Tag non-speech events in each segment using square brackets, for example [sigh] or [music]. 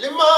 li ma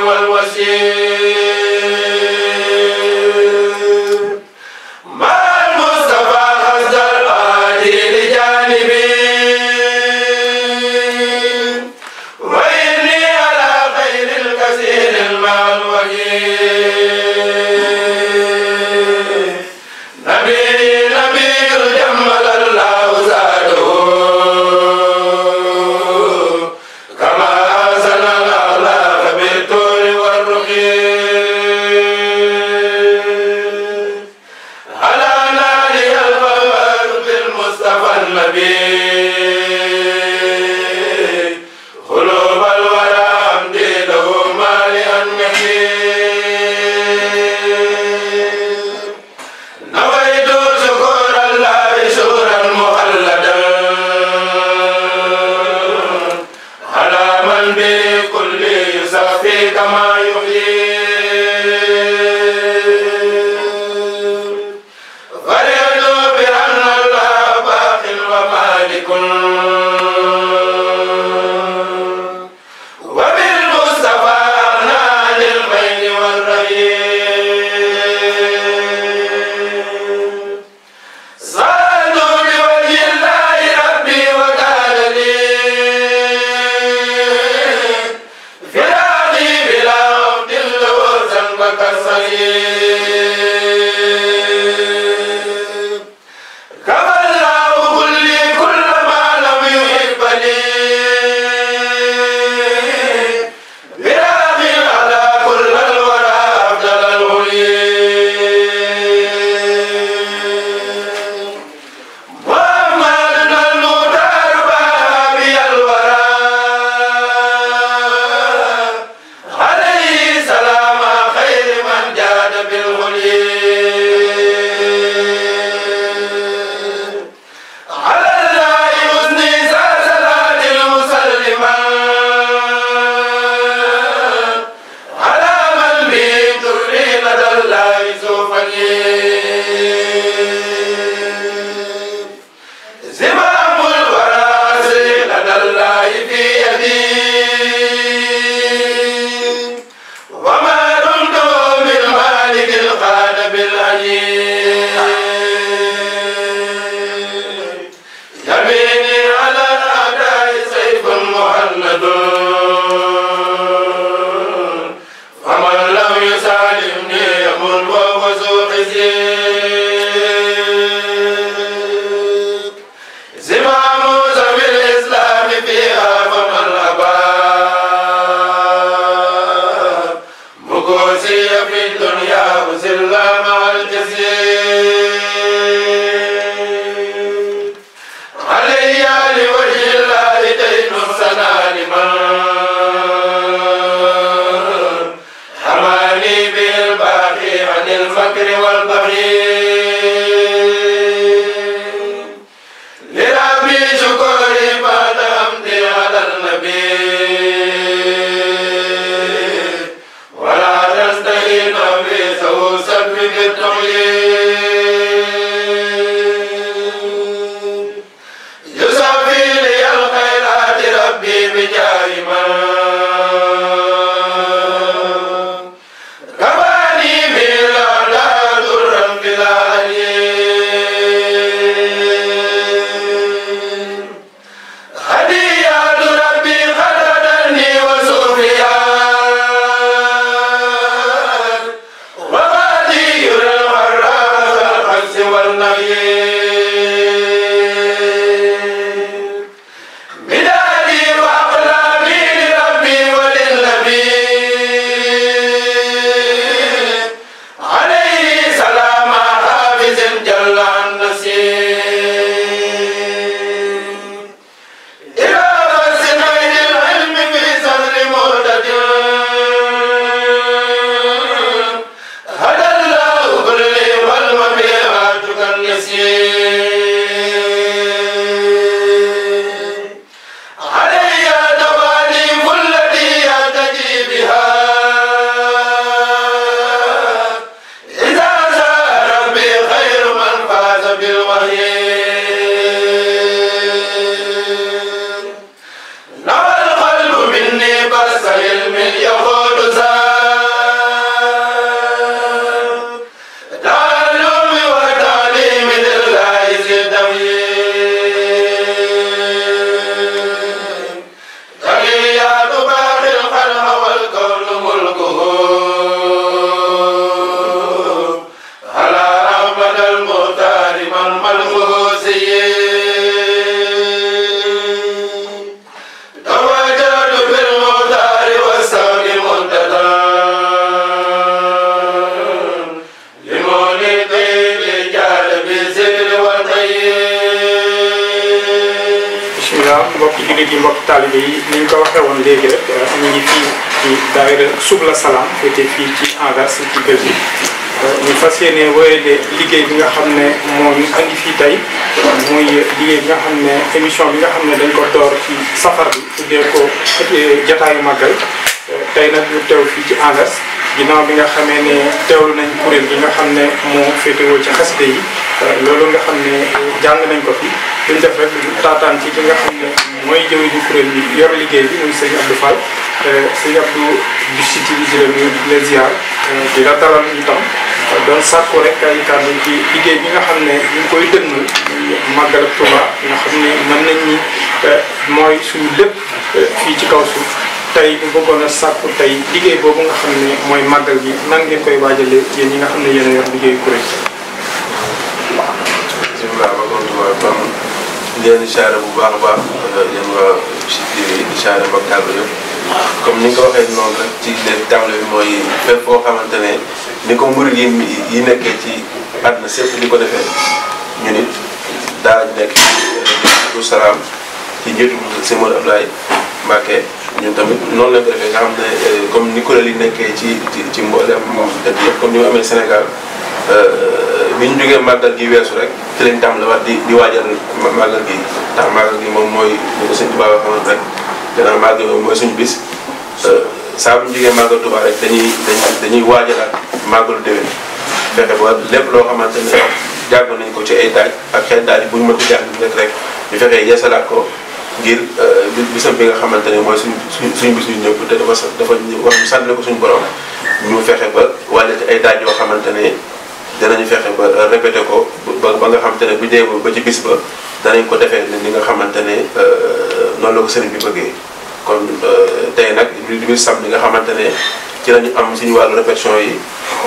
والوسيل mbokk jullit yi mbokk taalibe yi ni ñu ko waxee woon léegi rek euh, ñu ngi fii ci daayira Subla Salaam féete fii ci Anvers ci Belgique euh, ñu fas yéene wéyale liggéey bi nga xam ne moo ñu andi fii tey muy liggéey bi nga xam ne émission bi nga xam ne dañ ko door ci safar bi tuddee ko euh, jataayu màggal tey nag ñu fii ci Anvers ginnaaw bi nga xamee ne teewlu nañ kuréel bi nga xam ne moo féetewoo ci xeste yi euh, loolu nga xam ne jàng nañ ko fi duñ def rek taataan ci ki nga xam ne mooy jëwriñu kuréel bi yor liggéey bi muy sëñ Abdou Fall euh, sëñ Abdou du siti bi jële ñu di la ziar euh, di la dalal itam liggéey bi nga xam ne ñu ngi koy dënnal màggal ak Touba nga xam ne mën nañ ni mooy suñu lépp fii ci kaw suuf tey ñu bëggoon a sàkku tey liggéey boobu nga xam ne mooy màggal gi nan ngeen koy waajale yéen ñi nga xam ne yéen a yor liggéeyu kuréel gi. bisimilah ba kon waa PAM leen isaare bu baax a baax yéen waa si kii isaare ba kàddu yëpp comme ni nga ko waxee noonu rek ci leen table bi mooy fépp boo xamante ne ni ko murid yi yi nekkee ci àdduna sépp di ko defee ñu nit daal nekk ci salaam ci njëriñu Sëñ Abdoulaye Mbacke. ñu tamit noonu lañ ko nga xam ne euh, comme ni kuréel yi nekkee ci ci ci mboolem dëkk yëpp comme ni mu amee Sénégal euh, euh, bi ñu jógee màggal gi weesu rek ci lañ tam la wax di di waajal màggal gi ndax màggal moom mooy li ko sëñ Tuubaa waxoon rek gannaaw màggal moom mooy suñu bis saa bu ñu jógee màggal Tuubaa rek dañuy dañuy dañuy waajalaat màggalu déwén fexe ba lépp loo xamante ne jàng nañ ko ci ay daaj ak xel daaj bu ñu mënti jàng rek rek ñu fexee yeesalaat ko Euh, ngir bisam bi nga xamante ne mooy suñ suñ suñ bis ñun ñëpp te dafa dafa wax ñu sànni ko borom ñu fexe ba wàlle ci ay daaj yoo xamante ne danañu fexe ba répété ko ba ba nga xamante ne bu dee ba ci bis ba danañ ko defee ni nga xamante ne euh, noonu la ko sëriñ bi bëggee kon euh, tey nag li biir sam li nga xamante ne ci lañu am suñu wàllu répétition yi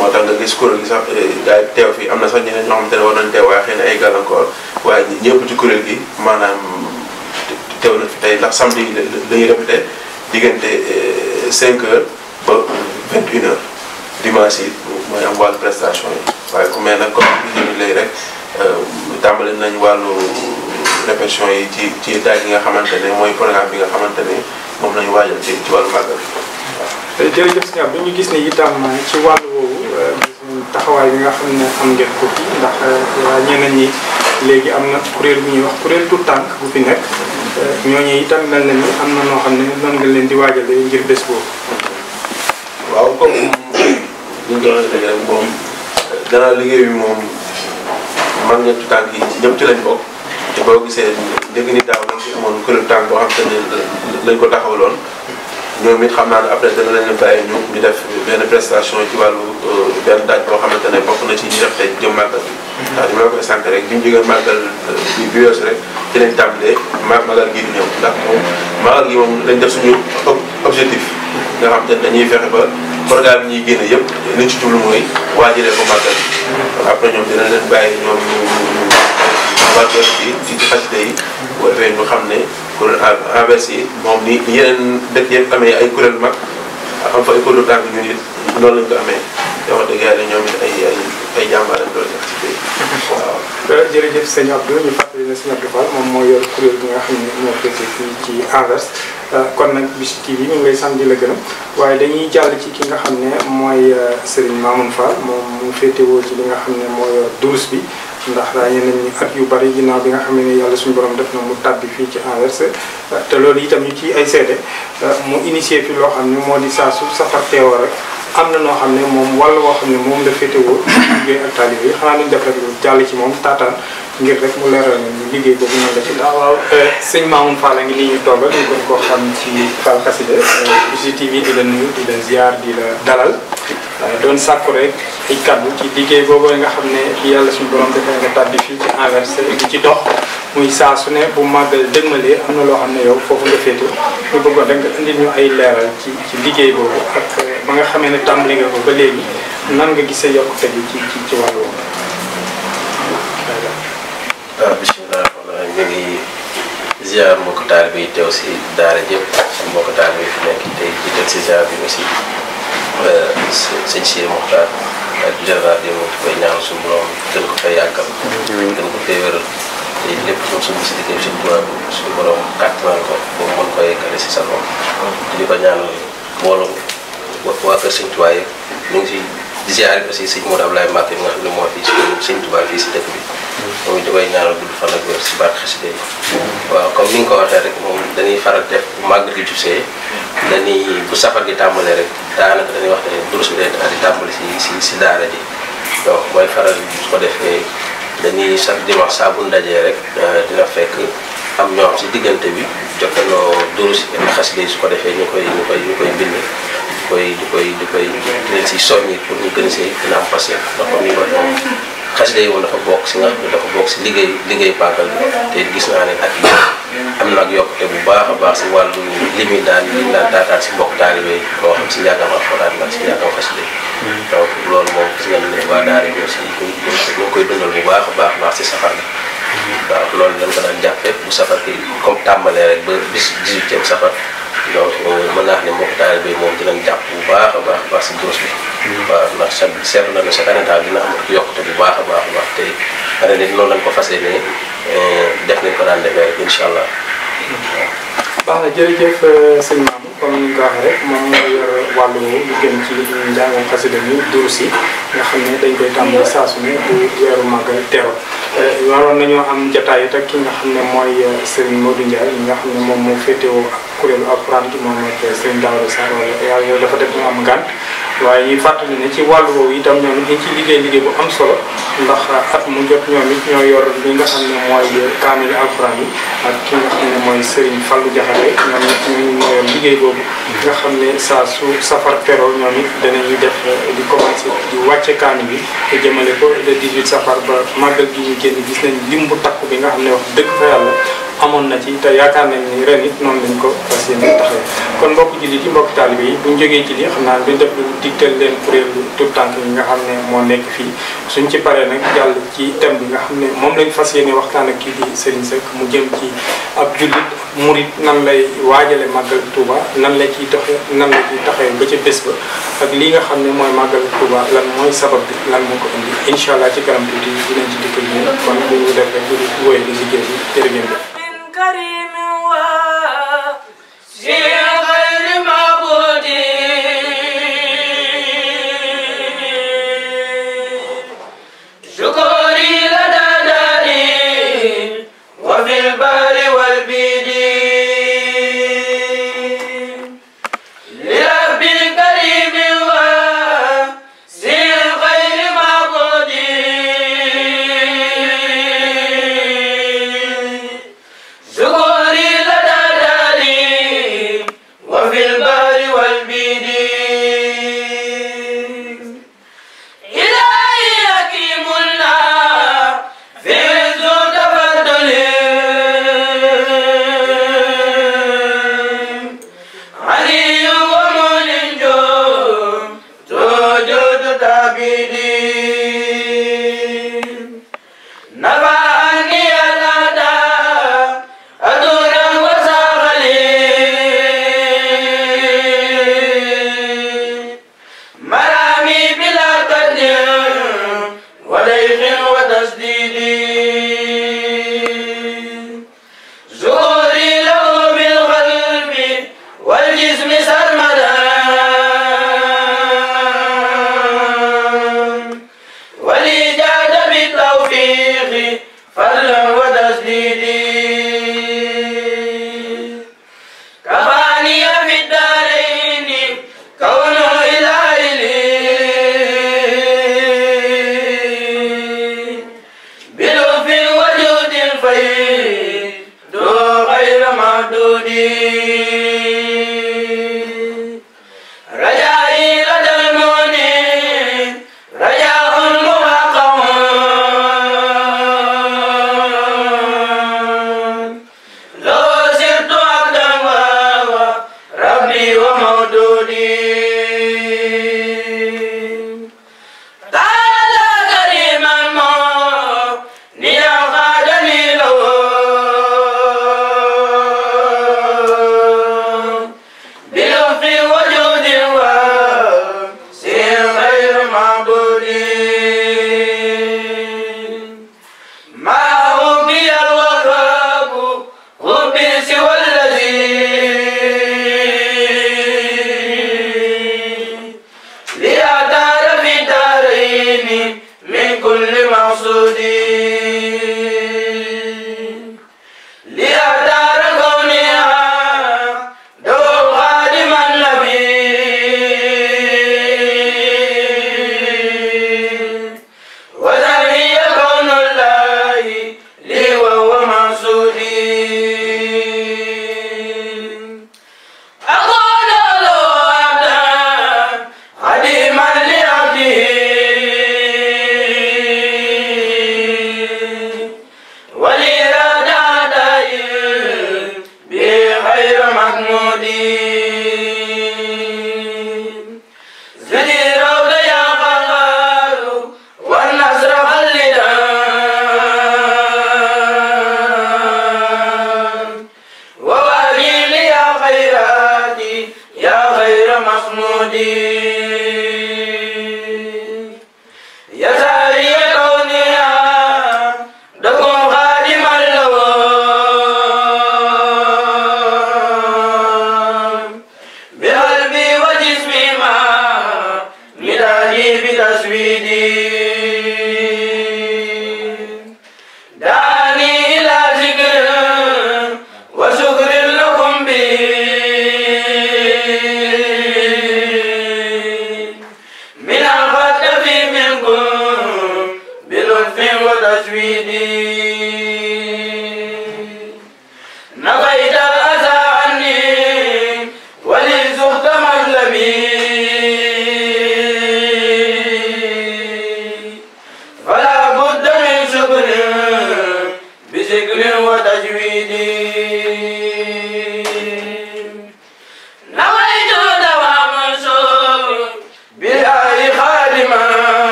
moo tax nga gis kuréel gi sax gaa teew fii am na sax ñeneen ñoo xamante ne war nañ teew waaye xëy na ay gàllankoor waaye ñëpp ci kuréel gi maanaam teew na fi tey ndax samedi la ñuy répété diggante 5 euh, heures ba 21 heures dimanche yi mooy am wàllu prestation yi waaye ku mel nag comme ni lay rek euh, tàmbali nañ wàllu répétition yi ci ci daaj yi nga xamante ne mooy programme bi nga xamante ne moom la ñu waajal ci ci wàllu màggal. waaw euh, jërëjëf Sëñ Abdou ñu gis ne itam ci wàllu taxawaay bi nga xam ne am ngeen ko ci ndax euh, ñeneen ñi léegi am na kuréel bu ñuy wax kuréel tout tànk bu fi nekk euh, ñooñu itam mel na ni am na noo xam ne noonu nga leen di waajale ngir bés boobu. waaw comme ni ñu ko waxee léegi rek moom bi moom mag ña tout tànk yi ñëpp ci lañ bokk te boo gisee dégg ni daaw lañ fi amoon kuréel tànk boo xam te ne lañ ko taxawaloon. ñoom it xam naa ne après dana leen bàyyi ñu ñu def benn prestation ci wàllu benn daaj boo xamante ne bokk na ci ñu def tey jëm màggal bi ndax li ma sant rek bi ñu jógee màggal bi rek ci lañ tàmbalee màggal gi di ñëw ndax moom màggal gi moom lañ def suñu objectif nga xam te ne dañuy fexe ba programme yi ñuy génne yëpp li ci jublu mooy waajalee ko màggal bi après ñoom dina leen bàyyi ñoom ñu wàcceel ci ci xasida yi bu defee ñu xam ne kuréel AVS yi moom ni yeneen dëkk amee ay kuréel mag am fa ay kuréel noonu dëgg yàlla ñoom it ay ay ay jàmbaar lañ doon [laughs] ñu fàttali ne sëñ moom moo kuréel bi nga xam ne euh, kon nag Bichri TV ñu ngi lay sant la gërëm waaye dañuy jàll ci ki nga xam ne mooy euh, Serigne Mamoun Fall moom mu féetewoo ci li nga xam ne moo yor durus bi. ndax ràññe nañ ni at yu bari ginnaaw bi nga xam ne yàlla suñu boroom def na mu tàbbi fii ci Anvers te loolu tam ñu ci ay seede mu initié fi loo xam ne moo di saa su safar rek am na noo xam ne moom wàll woo xam ne moom la féetewoo liggéey ak taalibe yi xanaa nañ def rek jàll ci moom taataan ngir rek mu leeral ñu liggéey boobu noonu la ci daaw ah, waaw euh, sëñ Mamoun Fall a ngi nii ñu toogal ñu gën koo xam ci Fall Kassida UGTV euh, di la nuyu di la ziar di la dalal doon sàkku rek ay kaddu ci liggéey boobu nga xam ne yàlla suñu borom defee nga tàbbi fii ci inversé di ci dox muy saa su ne bu màggal dëgmalee am na loo xam ne yow foofu nga féete ñu bëggoon rek nga indil ñu ay leeral ci ci liggéey boobu ak ba nga xamee ne tàmbali nga ko ba léegi nan nga gisee yokkute bi ci ci ci wàllu woowu. waaw bisimilah ñu ngi ziar mbokk taal bi bi aussi. sëñ si Muxtaar ak Jalla di mu koy ñaan suñu borom gën ko fay yàggal. gën ko fay wéral te lépp suñu si liggéey suñu borom suñu borom kàttanal ko ba mu mën si sa bopp. di ko ñaanal mbooloo waa kër Sëñ Tuubaa si. di ziare aussi sëñ Modou Ablaye Mbacke mi nga xam moo fii si sëñ Touba fii si dëkk bi moom it damay ñaanal gudd fan ak wér si barke xasida yi waaw comme ni nga ko waxee rek moom dañuy faral def bu màggal gi jubsee dañuy bu safar gi tàmbalee rek daanaka dañuy wax ne durus bi day di tàmbali si si si daara ji mooy faral su ko defee dañuy chaque di saa saabu ndajee rek euh, dina fekk am ñoo xam si diggante bi jokkaloo durus yi xasida su ko defee ñu koy ñu koy ñu koy di koy di koy leen si soññi pour ñu gën see gën a am patience ndax comme ni ma ko xasida yi woon dafa bokk si nga xam ne dafa bokk si liggéey liggéey bàggal bi te gis naa ne ak am na ak yokkute bu baax a baax si wàllu li muy daan li daan daataan si mbokk taalibe moo xam si njàngam alxuraan la si njàngam xasida yi donc loolu moom gis nga ne waa daara yi aussi ñu koy dundal bu baax a baax baax si safar bi waaw mm-hmm. loolu lañ ko daan jàppee bu safar bi comme tàmbalee rek ba bis 18e safar donc euh, mën naa wax ne mbokk taalibe bi moom dinañ jàpp bu baax a baax baax si bourse bi. Hmm. waaw ndax chaque seetlu na ne chaque année daal dina am yokkute bu baax a baax a baax te année bi noonu lañ ko fas yéenee euh, def nañ ko daan defee rek incha allah. Hmm. baax na jërëjëf euh, sëñ Mamou comme ni nga ko rek moom mooy wàllu lu gën ci njàngam xasida mi durus yi nga xam ne dañ koy tàmbali saa su ne bu weeru màggal teeru euh, waroon nañoo am jataay it ak ki nga xam ne mooy euh, sëriñ Modou Ndiaye nga xam ne moom moo féetewoo ak kuréelu alxuraan gi moom mooy sëriñ Daouda Sarr wala yàlla dafa def mu am gan waaye ñuy fàttali ne ci wàllu woowu itam tam ñu ngi ci liggéey liggéey bu am solo ndax at mu jot ñoom it ñoo yor li nga xam ne mooy kaamil alxuraan yi ak ki nga xam ne mooy Serigne Fallou Diakhaté ñoom it ñu liggéey boobu nga xam ne saa su safar pero ñoom it danañuy def euh, di commencé di wàcce kaani bi te jëmale ko le 18 safar ba màggal gi ñu génn gis nañ lim bu takku bi nga xam ne wax dëgg fa yàlla amoon na ci te yaakaar nañ ni ren it noonu lañ ko fas yéene taxawee kon mbokk jullit yi mbokk taalibe yi buñ jegee ci lii xam naa duñ def lu digtal leen kuréelu nga xam ne moo nekk fii suñ ci paree nag jàll ci thème bi nga xam ne moom lañ fas yéene waxtaan ak kii di Serigne Seck mu jëm ci ab jullit murit nan lay waajale màggal Touba nan la ciy doxee nan la ciy ba ca bés ba lii nga xam ne mooy màggal Touba lan mooy sabab bi lan moo ko indi incha ci kanam tuuti dinañ ci dikk ñun kon bu ñu def rek di wóyee di liggéey bi jërë ngeen كريم وسيم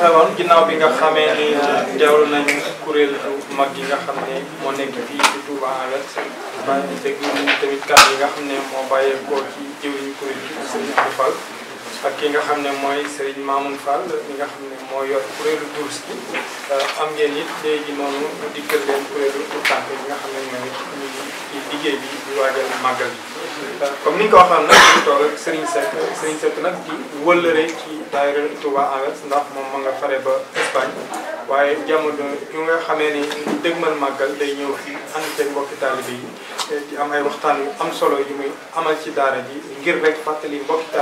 waxee woon ginnaaw bi nga xamee ni teewlu nañu kuréel bu mag yi nga xam ne moo nekk fii ci Touba Aves bàyyi déglu nañu tamit kàddu yi nga xam ne moo bàyyeekoo ci jëwriñu yi Serigne Abdou Fall ak ki nga xam ne mooy Serigne Mamoun Fall mi nga xam ne moo yor kuréelu duus bi euh, am ngeen it léegi noonu dikkal leen kuréelu tànk yi nga xam ne mooy ñu ngi ci liggéey bi di waajal màggal bi comme ni ñu ko waxoon nag ñu toog ak Serigne Seck Serigne Seck nag di wëllëre ci daayira Touba Anvers ndax moom ma nga fare ba Espagne waaye jamono yu nga xamee ni dëgmal màggal day ñëw fii ànd ceeg mbokki taalibe yi di am ay waxtaan am solo yu muy amal ci daara ji ngir rek fàttali mbokki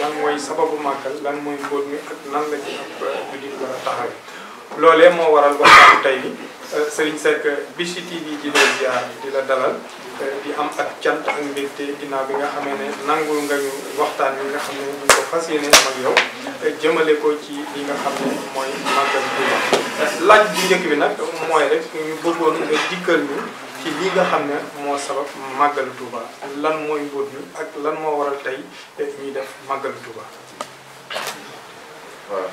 lan mooy sababu màggal lan mooy mbóot mi ak nan la ci ab jullit war a taxawe loolee moo waral waxtaanu tey bi Serigne Seck Bichri TV ji lay ziar di la dalal di am ak cant ak mbégte bi nga xamee ne nangul nga ñu waxtaan wi nga xam ne ñu ko fas yéene am ak yow jëmale ko ci li nga xam ne mooy màggal Tuuba laaj bu njëkk bi nag rek ñu bëggoon dikkal ñu ci li nga xam ne moo sabab màggal Tuuba lan mooy mbóot mi ak lan moo waral tey ñuy def màggal Tuuba waaw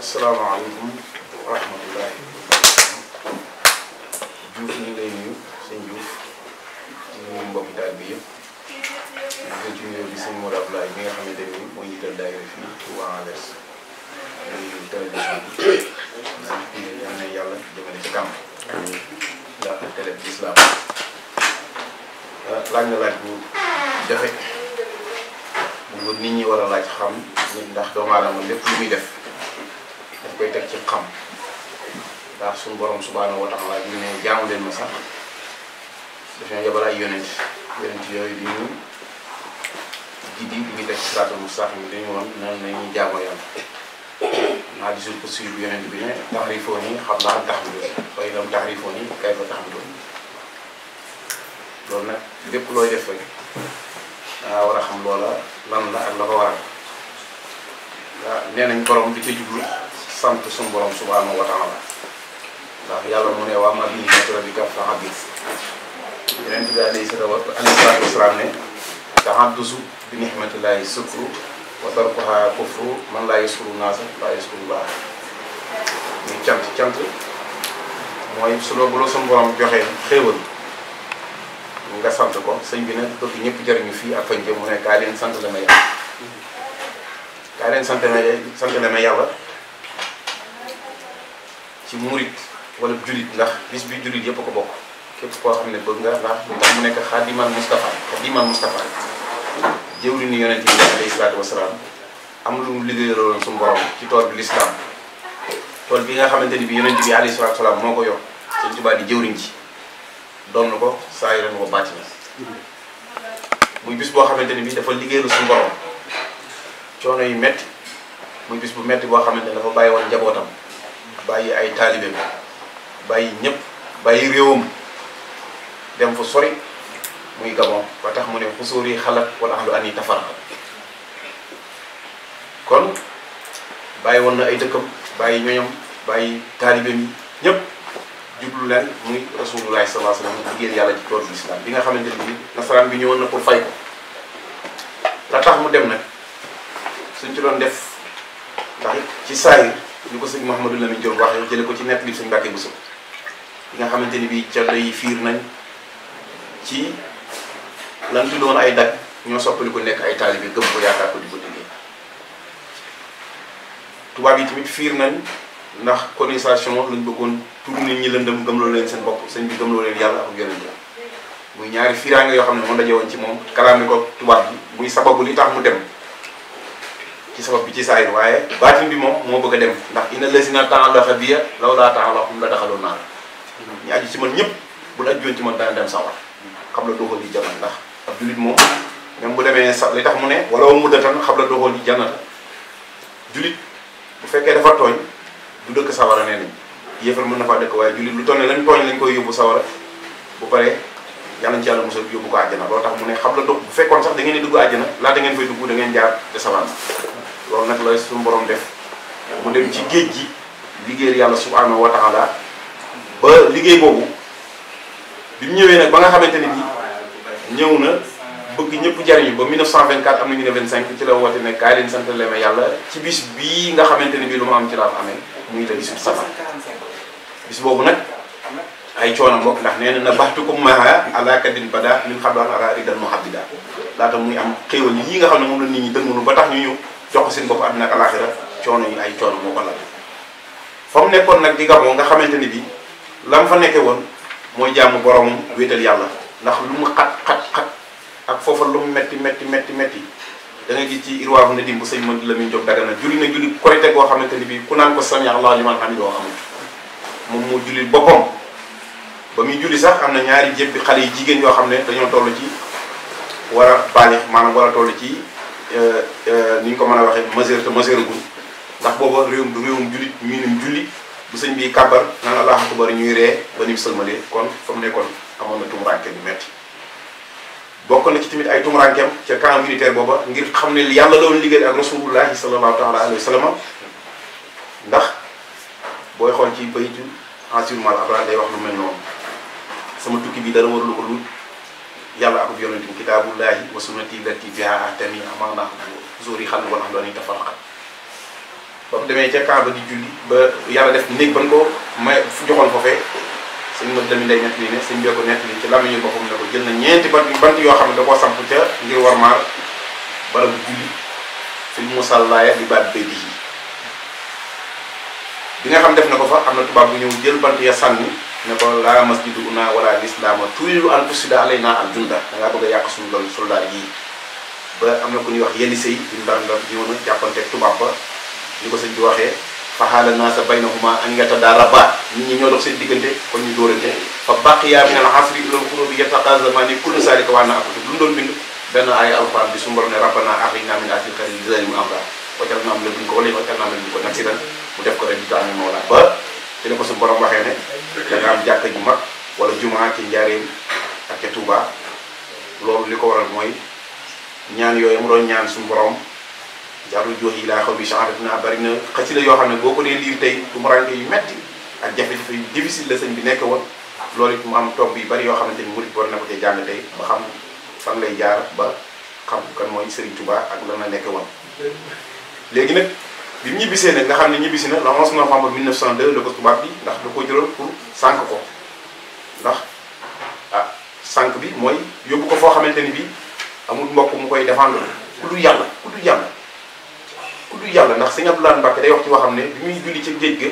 asalaamaaleykum wa rahmatullahi mbokki taal bi yëpp ñu ngi ci nuyoo bi nga xamante ni moo jiital daayira fii Touba Anvers muy télévision bi ñaan na yàlla jëmale ci kanam ndax télé bi islam ah, laaj na bu jafe bu nit ñi laaj xam ndax doomu aadama lépp lu muy def daf koy teg ci xam ndax suñu borom subhanahu wa taala ñu jaamu leen ma sax dafay yebal ay yonent yonent yooyu di ñu gidi di ñu teg ci siraatal mustaqiim dañu woon nan la ñuy jaamoo yàlla naa di suñ ko suivre yonent bi ne taxrifoo nii xam naa tax bi doon waaye itam taxrifoo bi doon loolu nag lépp looy def rek dangaa war a xam loola lan la ak la ko nee nañ borom di ca jublu sant suñu borom subhaanahu wa taala ndax yàlla moo ne waa ma bind rabika fa abid yeneen bi alayhi salaatu wasalaam ne tahaddusu bi nihmatillahi sukru wa tarkuha kufru man laa yaskuru naasa laa yaskuru llah muy cant cant mooy su loo bu la suñu borom joxee xéewal nga sant ko sëñ bi nag bëgg ñëpp jariñu fii ak fañ jëm mu ne kaa leen sant la ma yàlla kaa leen sant la sant la ma yàlla ci murit wala julit ndax bis bi julit yëpp ko bokk képp koo xam ne bëgg nga baax ndax mu nekk xaadiman Moustapha xaadiman Moustapha jëwri ni yonent bi alayhi salaatu wasalaam am lu mu liggéeyaloon suñu ci tool bi lislaam tool bi nga xamante ni bi yonent bi alayhi salaatu wasalaam moo ko yor Sëñ Tuubaa di jëwriñ doon ko saa yoroon ko bàcc muy bis boo xamante ni bi dafa liggéey suñu borom coono yu metti muy bis bu metti boo xamante ne dafa bàyyi woon njabootam bàyyi ay taalibeem bàyyi ñëpp bàyyi réewam dem fu sori muy Gabon ba tax mu ne xusuur yi xalaat wala ahlu an yi tafaraxa kon bàyyi woon na ay dëkkam bàyyi ñoñam bàyyi taalibeem yi ñëpp jublu leen muy rasulullahi sallallahu alayhi wa sallam liggéeyal yàlla ci toolu bi nga xamante ne bii nasaraan bi ñëwoon na pour fay ko la tax mu dem nag suñ ci doon def ndax ci saayir ñu ko sëñ Mouhamadou Lamine Diop waxee jële ko ci net bi suñ Mbàkke Bousso bi nga xamante ni bii caddo yi fiir nañ ci lan fi doon ay dag ñoo soppaliku nekk ay taalibe gëm ko yaakaar ko di ko liggéey tubaab yi tamit fiir nañ ndax colonisation lañ bëggoon tourné ñi lëndëm gëmloo leen seen bopp sëñ bi gëmloo leen yàlla ak yonent ñaari fiiraange yoo xam ne moom daje woon ci moom kalaame ko tubaab bi muy sababu li tax mu dem ci sabab bi ci saay waaye baatin bi moom moo bëgg a dem ndax ina lesina temps dafa biya law laa temps la xum la daxaloo naar ñu aju ci man ñëpp bu la ajuwoon ci man daan dem sawar xam la doxal yi jaman ndax ab jullit moom même bu demee sax li tax mu ne wala mu datan xam la doxal yi janata jullit bu fekkee dafa tooñ du dëkk sawara nee nañ yéefal mun na faa dëkk waaye jullit lu toll ne lañ tooñ lañ koy yóbbu sawara bu paree yàlla ci yàlla musal yóbbu ko àjjana loolu tax mu ne xam la dox bu fekkoon sax da ngeen di dugg àjjana laata ngeen fay dugg da ngeen jaar te sawara loolu nag la suñu borom def mu dem ci géej gi liggéeyal yàlla subhanahu wa taala ba liggéey boobu bi mu ñëwee nag ba nga xamante ni bii ñëw na bëgg ñëpp jariñu ba 1924 am na ñu ne am na la woote ne kaay leen sant leen yàlla ci bis bii nga xamante ni bii lu ma am ci laa amee muy la bisu safar bis boobu nag ay coono mbokk ndax nee na na baxtu ko maha alakadin bada min xablaan ara ridan muhaddida laata muy am xéewal yi nga xam ne moom la nit ñi dëngunu ba tax ñu ñëw jox seen bopp àddina ak alaxira coono yi ay coono moo ko lal fa mu nekkoon nag di Gabon nga xamante ni bii la mu fa nekkee woon mooy jaamu boromam wéetal yàlla ndax lu mu xat xat xat ak foofa lu mu metti metti metti metti da nga gis ci irwaafu na dimb sëñ Mame Lamine Diop Dagana julli na julli korite goo xamante ni bii ku naan ko sami Allah liman hamid yoo xamul moom moo julli boppam ba muy julli sax am na ñaari jébbi xale yi jigéen yoo xam ne dañoo toll ci war a baale maanaam war a toll ci euh, euh, ni ñu ko mën a waxee mesure te mesure gu ndax booba réewum du réewum jullit miinum bu sëñ bi kàbbar naan allah akbar ñuy ree ba ni mu sëlmalee kon fa mu nekkoon amoon na tumuranke bu metti bokk na ci tamit ay tumurankeem ca camp militaire booba ngir xam ne yàlla la woon liggéey ak rasulullahi sallallahu taala alayhi ndax booy xool ci baytu ensurement abra day wax lu mel noonu sama tukki bi dara warulu ko lu yàlla akub yonentum kitaabullahi wa sunnati lati biha ahtami amaana yi xal wala xam doon yi ba mu demee ca Kaaba di julli ba yàlla def néeg ba ko may joxol ko fee sëñ dem Lamine day nettali ne sëñ bee ko nettali ci lamiñu boppam ne ko jël na ñeenti bant bant yoo xam ne da koo samp ca ngir warmaal barabu julli fi musallaaya di ba bay di bi nga xam def na ko fa am na tubaab bu ñëw jël bant ya sànni ne ko laa masjidu una wala lislaama tuurilu an tusida alayna al junda da ngaa bëgg a yàq suñu doon soldaar yii ba am na ku ñuy wax yenn sëy bi ndar ndar ñëw na jàppante tubaab ba ni ko sëñ bi waxee faxaala naasa baynahuma an yatadaraba nit ñi ñoo dox seen diggante kon ñu dóorante fa baqiya min al asri ilal xurubi yataqazamani kullu zalika wa ana akutub ne rabbana axrijna ko wala wacal ko nag si dan ko rek di taamee mawla ba ci la ju mag wala jumaa ci njaareem ak loolu li ko waral mooy ñaan yooyu mu doon ñaan suñu borom jaru joox yi laa xaw bi chanret na bari na xasida yoo xam ne boo ko dee liir tey tumuranke yu metti ak jafe-jafe yu difficile la sëñ bi nekk woon loolu it mu am tomb bi bari yoo xamante ni murit war na ko cee xam fan lay jaar ba xam kan mooy Serigne Touba ak lan la nekk woon nag bi mu ñibbisee nag nga ñibbisi na le 11 novembre 1902 la ko tubaab bi ndax da ko jëloon pour sànq ko ndax ah bi mooy yóbbu ko foo xamante ni bi amul mbokk mu koy défendre ku du yàlla ku du yàlla tudd yàlla ndax sëñ Abdoulaye Mbacke day wax ci waxam ne bi muy julli ci géej ga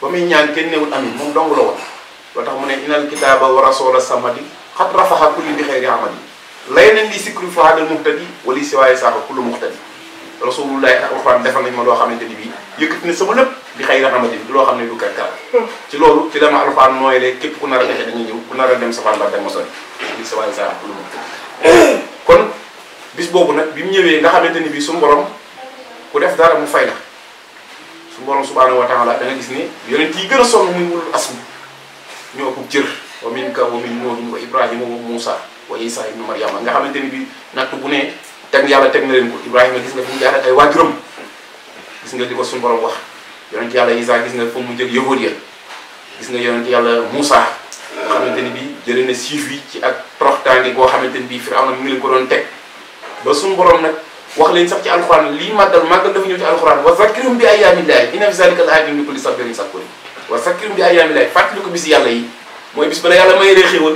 ba muy ñaan kenn newul amin moom dong la woon loo tax mu ne inal kitaaba a rasula samadi xat rafaxa kulli bi xeyri amadi ni bi xeyri amadi bi loo xam ne du karkar ci loolu ci dama alquran nooyelee képp ku nar a defe dañuy ñëw ku nar a dem safaan ba dem ma kon bis boobu nag bi mu ñëwee nga xamante ni bi suñu borom ku def dara mu fay la su borom subhanahu wa taala da nga gis ni yonent yi gën a sonn muy wul asm ñoo ko jër wa minka wa min nuuhin wa ibrahima wa moussa nga xamante ni bi natt bu ne teg yàlla teg leen ko ibrahima gis nga fi mu jaar ay waajuram gis nga li ko suñu borom wax yonent yàlla isa gis nga fa mu jëg yahuud ya gis nga yonent yàlla moussa nga xamante ni bi jëlee na siif yi ci ak toroxtaange goo xamante ni bi firaw na mi ngi leen ko doon teg ba suñu nag wax leen sax ci alxuraan lii màggal màggal dafa ñëw ci alxuraan wa zakkirum bi ayyaamillaahi inna fi zaalika la aayatin li kulli sabirin ko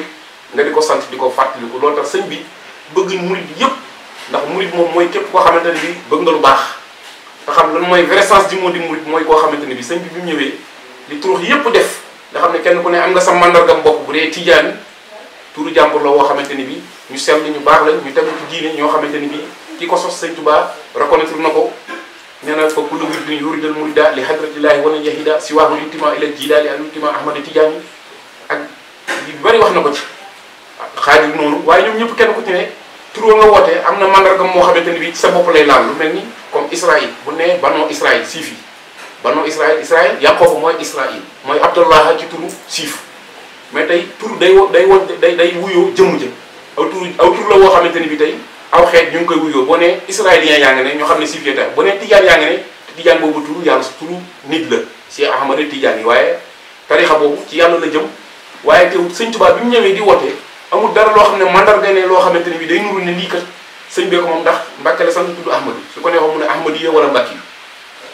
di ko sant ko fàttaliku loolu tax bi yëpp ndax murid moom mooy képp koo xamante ne bi bëgg nga lu baax xam lan mooy vrai sens du mot mooy koo xamante ne bi sëñ bi mu ñëwee li turux yëpp def nga xam ne kenn ku ne am nga sa mandargam bopp bu dee tiijaan turu jàmbur la woo xamante ni bi ñu sell ñu baax la ñu tegu ci ñoo xamante ni bi ki ko sos sëñ Tuubaa reconnaître na ko nee na fa kullu wirdin yuridal murida li hadratillahi wala yahida si waaxul ultima ila jilaali al ultima ahmad tijaani ak yu bëri wax na ko ci xaajul noonu waaye ñoom ñëpp kenn ko ci ne turoo nga woote am na mandargam moo xamante ni bi sa bopp lay laal lu mel ni comme Israël bu nee banoo Israël siif yi banoo Israël Israël Yaqoob mooy Israël mooy Abdallah ci turu siif mais tey tur day day wo day day wuyoo jëmu jë aw tur xamante ni bi tey aw xeet ñu ngi koy wuyoo boo ne israélien yaa ngi ne ñoo xam ne civilisé tax boo ne tijaan yaa ngi ne tijaan boobu turu yàlla su turu nit la si ahmada yi waaye boobu ci yàlla la jëm waaye te sëñ Tuubaa bi mu ñëwee di woote amul dara loo xam ne mandarga ne loo xamante ne bi day nuru ne lii kat sëñ moom ndax Mbàkke la sant tudd ahmad su ko neexoon mu ne ahmad yi wala mbàkk yi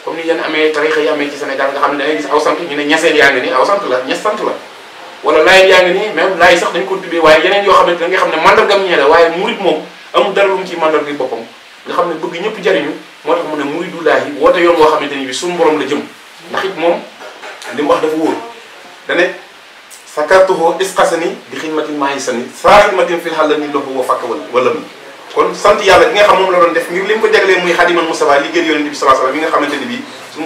comme ni yéen amee tarixa ci Sénégal nga xam ne da gis aw sant ñu ne ñaseen yaa ngi ne aw sant la ñes sant la wala laay yaa ngi ne même laay sax dañ ko tuddee waaye yeneen yoo xamante nga xam ne mandargam ñee la waaye murit moom am dara lu mu ciy mandal bi boppam nga xam ne bëgg ñëpp jariñu moo tax mu ne muy du laahi woote yoon ni bi suñu borom la jëm ndax mu wax dafa wóor dane sa kartuhoo isqasani di xidmatin maayi sani saa xidmatin fil yàlla gi nga xam moom la doon def ko jaglee muy xadiman Mustafa liggéey yonent bi sallallahu alayhi wasallam yi nga xamante ni bi suñu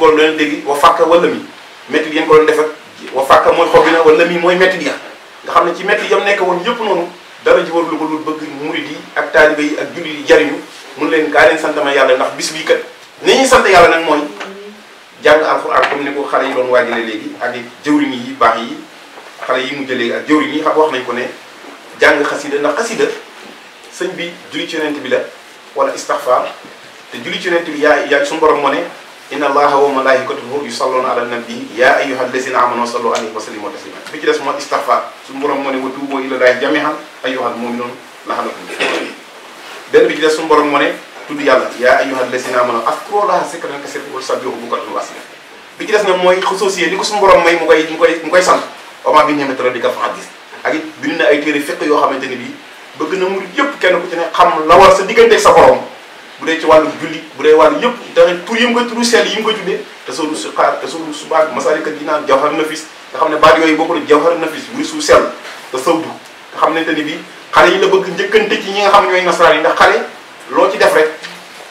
wa fakk wala mi métti bi ko doon def ak mooy xobi na wala mi mooy métti ya nga xam ne ci métti yam nekk woon yëpp noonu dara ji warul lu ko lu bëgg murid yi ak taalibe yi ak jullit yi mun leen kaa leen sant ma yàlla ndax bis bii kat ni ñuy sant yàlla nag mooy jàng alxuraan comme ni ko xale yi doon waajale léegi ak jëwriñ yi baax yi xale yi mujj léegi ak jëwriñ yi xam wax nañ ko ne jàng xasida ndax xasida sëñ bi julli ci yonent bi la wala istaxfaar te julli ci yonent bi yaa yaa suñu borom moo ne inna allaha wa malaikatahu yusalluna ala nabi ya ayyuha allazina amanu sallu alayhi wa sallimu taslima bi ci des mooy istighfar suñu borom moo ne wa tuubu ila llahi jami'an ayyuhal mu'minun la'allakum tuflihun benn bi ci des suñu borom moo ne tudd yàlla ya ayyuha allazina amanu azkurullaha zikran kasiran wa sabbihuhu bukratan wa asila bi ci des nag mooy xososiye ni ko suñu borom may mu koy mu koy mu koy sant oma bi ñeme tara di ka fa gis ak it bind na ay téere fiq yoo xamante ne bii bëgg na murid yëpp kenn ku ci ne xam la war sa diggante ak sa borom bu dee ci wàllu julli bu dee wàllu yëpp tamit tur yi mu ko turu te solu suqaar ne baat yooyu bokku ne jawhar nafis buri su sell te sawdu nga xam ne te ni bi xale yi na bëgg njëkkante ci ñi nga xam ne ñooy nasaraan yi ndax xale loo ci def rek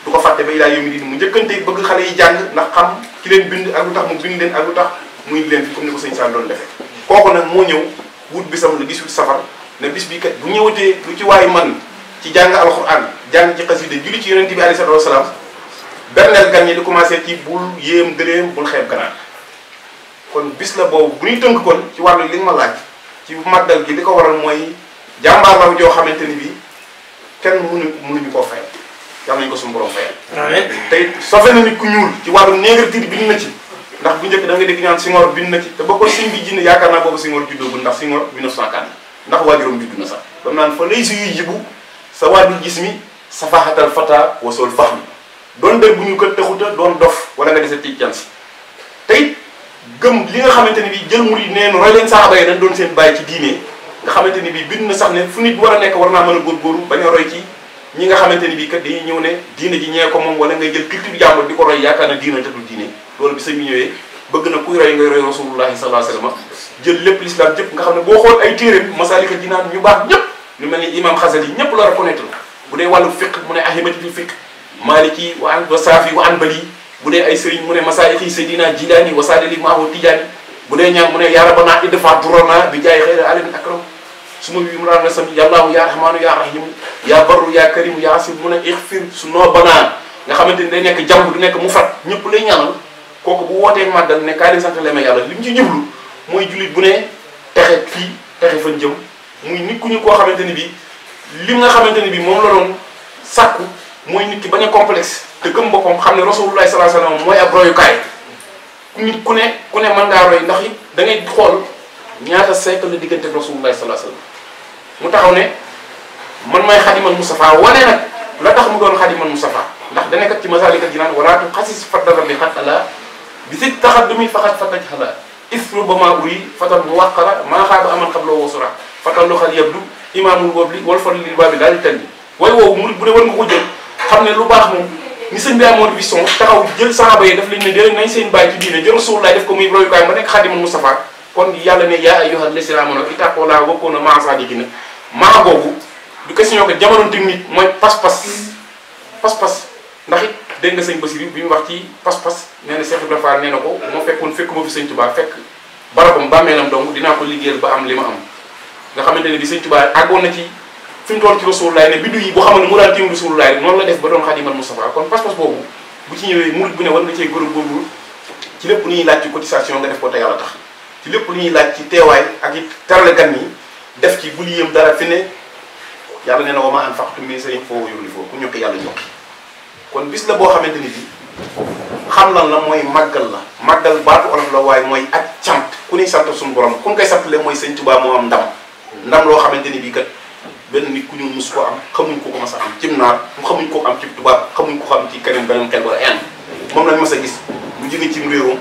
du ko fàtte ba ilaa yomi din mu njëkkante bëgg xale yi jàng ndax xam ci leen bind ak lu tax mu bind leen ak lu tax muy leen fi comme ni ko sëñ Sall doon defee kooku nag moo ñëw wut bisam le 18 safar ne bis bi kat bu ñëwatee lu ci waaye man ci jàng alxuraan jàng ci xasida julli ci yonent bi aleyhi salaatu wasalaam berneel gan ñi di commencé ci bul yéem gëléem bul xeeb ganaar kon bis la boobu bu tënk kon ci wàllu li ma laaj ci màggal gi li ko waral mooy jàmbaar la joo xamante ni bii kenn mënu mënuñu koo fayal yàlla nañu ko suñu borom fayal. tey na nit ku ñuul ci wàllu négritude bind na ci. ndax bu njëkk te ba ko sëñ bi juddu na sax. ba naan fa lay si yuy jibu sa waajur gis mi. safahatal fata wasool fax mi doon dëgg bu ñu ko taxuta doon dof wala nga dese tiig can si te it gëm li nga xamante ni bi jël murid neen roy leen saxaaba yi dañ doon seen na sax ne fu nit war a nekk war naa mën a góorgóorlu bañ a nga xamante ni bi kat dañuy ñëw ne diine ji ñee ko moom wala ngay jël culture jàmbur di ko roy yaakaar na diine tëddul diine loolu bi sa mi ñëwee bëgg na kuy roy ngay roy rasulullahi sallallahu jël lépp l'islam jëpp nga xam ne boo xool ay téeréem masalika jinaan ñu baax ñëpp lu mel ni imam xasali ñëpp bu dee wàllu fiq mu ne ahimati fiq maliki wa an wa saafi wa anbali bu dee ay sëriñ mu ne masaayixi seydina jilaani wa saadili maahu tijaani bu dee ñaan mu ne yaa rabbana idfa durana bi jaay xayra alamin akram su ma yumraan sam yàllaahu yaa rahmaanu yaa rahimu yaa barru yaa karimu yaa asib mu ne ixfir su noo banaa nga xamante ni day nekk jàmm du nekk mu fat ñëpp lay ñaanal kooku bu wootee màggal ne kaay leen sant li mu ci jublu mooy jullit bu ne texe fii texe fan jëm muy nit ku ñu koo xamante ni bii li nga xamante ne bi moom la doon sàkku mooy nit ki bañ a complexe te gëm boppam xam ne rasulullah sallallahu alayhi mooy ab royukaay ku ne ku ne mën ngaa roy ndax it da ngay xool ñaata siècle la diggante rasulullah sallallahu alayhi wasallam mu taxaw ne man may xadiman Mustafa wane nag la tax mu doon xadiman Mustafa ndax dana kat ci masaalika jinaan wala tu xasis faddara li xat ala bi si taxaddumi faxat fataj xala isru ba maa uri fatal bu wàqala maa xaaba aman xabloo wasura fatal lu xal imaamul boobu li wal fan lil baabi daal di tànn way woowu murid bu dee war nga ko jël xam ne lu baax moom ni sëñ bi amoon vision taxaw jël saxaaba yi daf leen ne déleen nañ seen bàyyi ci diine jël Rasulullah def ko muy royukaay ma nekk xaadimul Mustafa kon yàlla ne yaa ayyuhal lazina amanu ittaqullah wa kunu ma'a saadiqin maa googu du question que jamono technique mooy pas-pas pas-pas ndax it dégg nga sëñ Basiru bi mu wax ci pas-pas nee na Cheikh Ibrahima Fall nee na ko moo fekkoon fekk ma fi sëñ Tuubaa fekk barabam bàmmeelam dong dinaa ko liggéeyal ba am li ma am nga xamante ne bi sëñ Tuubaa àggoon na ci fi mu toll ci Rasulullah ne biddu yi bu xamoon ne mu daal tiim Rasulullah noonu la def ba doon Xaadimal Mustafa kon pas-pas boobu bu ci ñëwee murid bu ne war nga ci lépp lu ñuy ci ko te yàlla tax ci lépp lu ñuy laaj ci teewaay ak it tarale gan yi def ci bul yéem dara fi ne yàlla nee na wa maa anfaqtum min shay'in fahuwa yukhlifuhu ku ñokki yàlla ñokki kon bis la boo xamante ni bi xam lan la mooy màggal la màggal baatu olof la waaye mooy ak cant ku ñuy sant suñu borom ku ñu koy mooy sëñ Tuubaa moo am ndam ndam loo xamante ni bii kat benn nit ku ñuul mos ko am xamuñ ko ko mas a am cim naar xamuñ ko am ci tubaab xamuñ ko xam ci keneen beneen xel wala en moom lañ mas a gis mu jóge cim réewam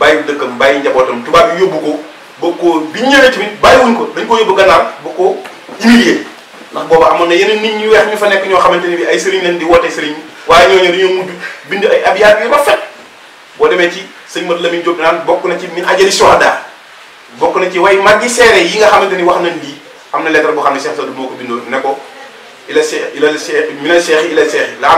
bàyyi dëkkam bàyyi njabootam tubaab yi yóbbu ko boo ko bi ñëwee tamit bàyyiwuñ ko dañ ko yóbbu gànnaar boo ko humilier ndax booba na yeneen nit ñu ñu fa nekk ñoo xamante ni bi ay sëriñ leen di woote sëriñ waaye ñooñu dañoo mujj bind ay abiyaat yu boo demee ci sëñ Mat Lamine Diop naan bokk na ci min ajali sohada bokk na ci way mag yi seere yi nga xamante ni wax nañ lii am na lettre boo xam ne Cheikh Sadou moo ko bindoo ne ko ila cheikh ila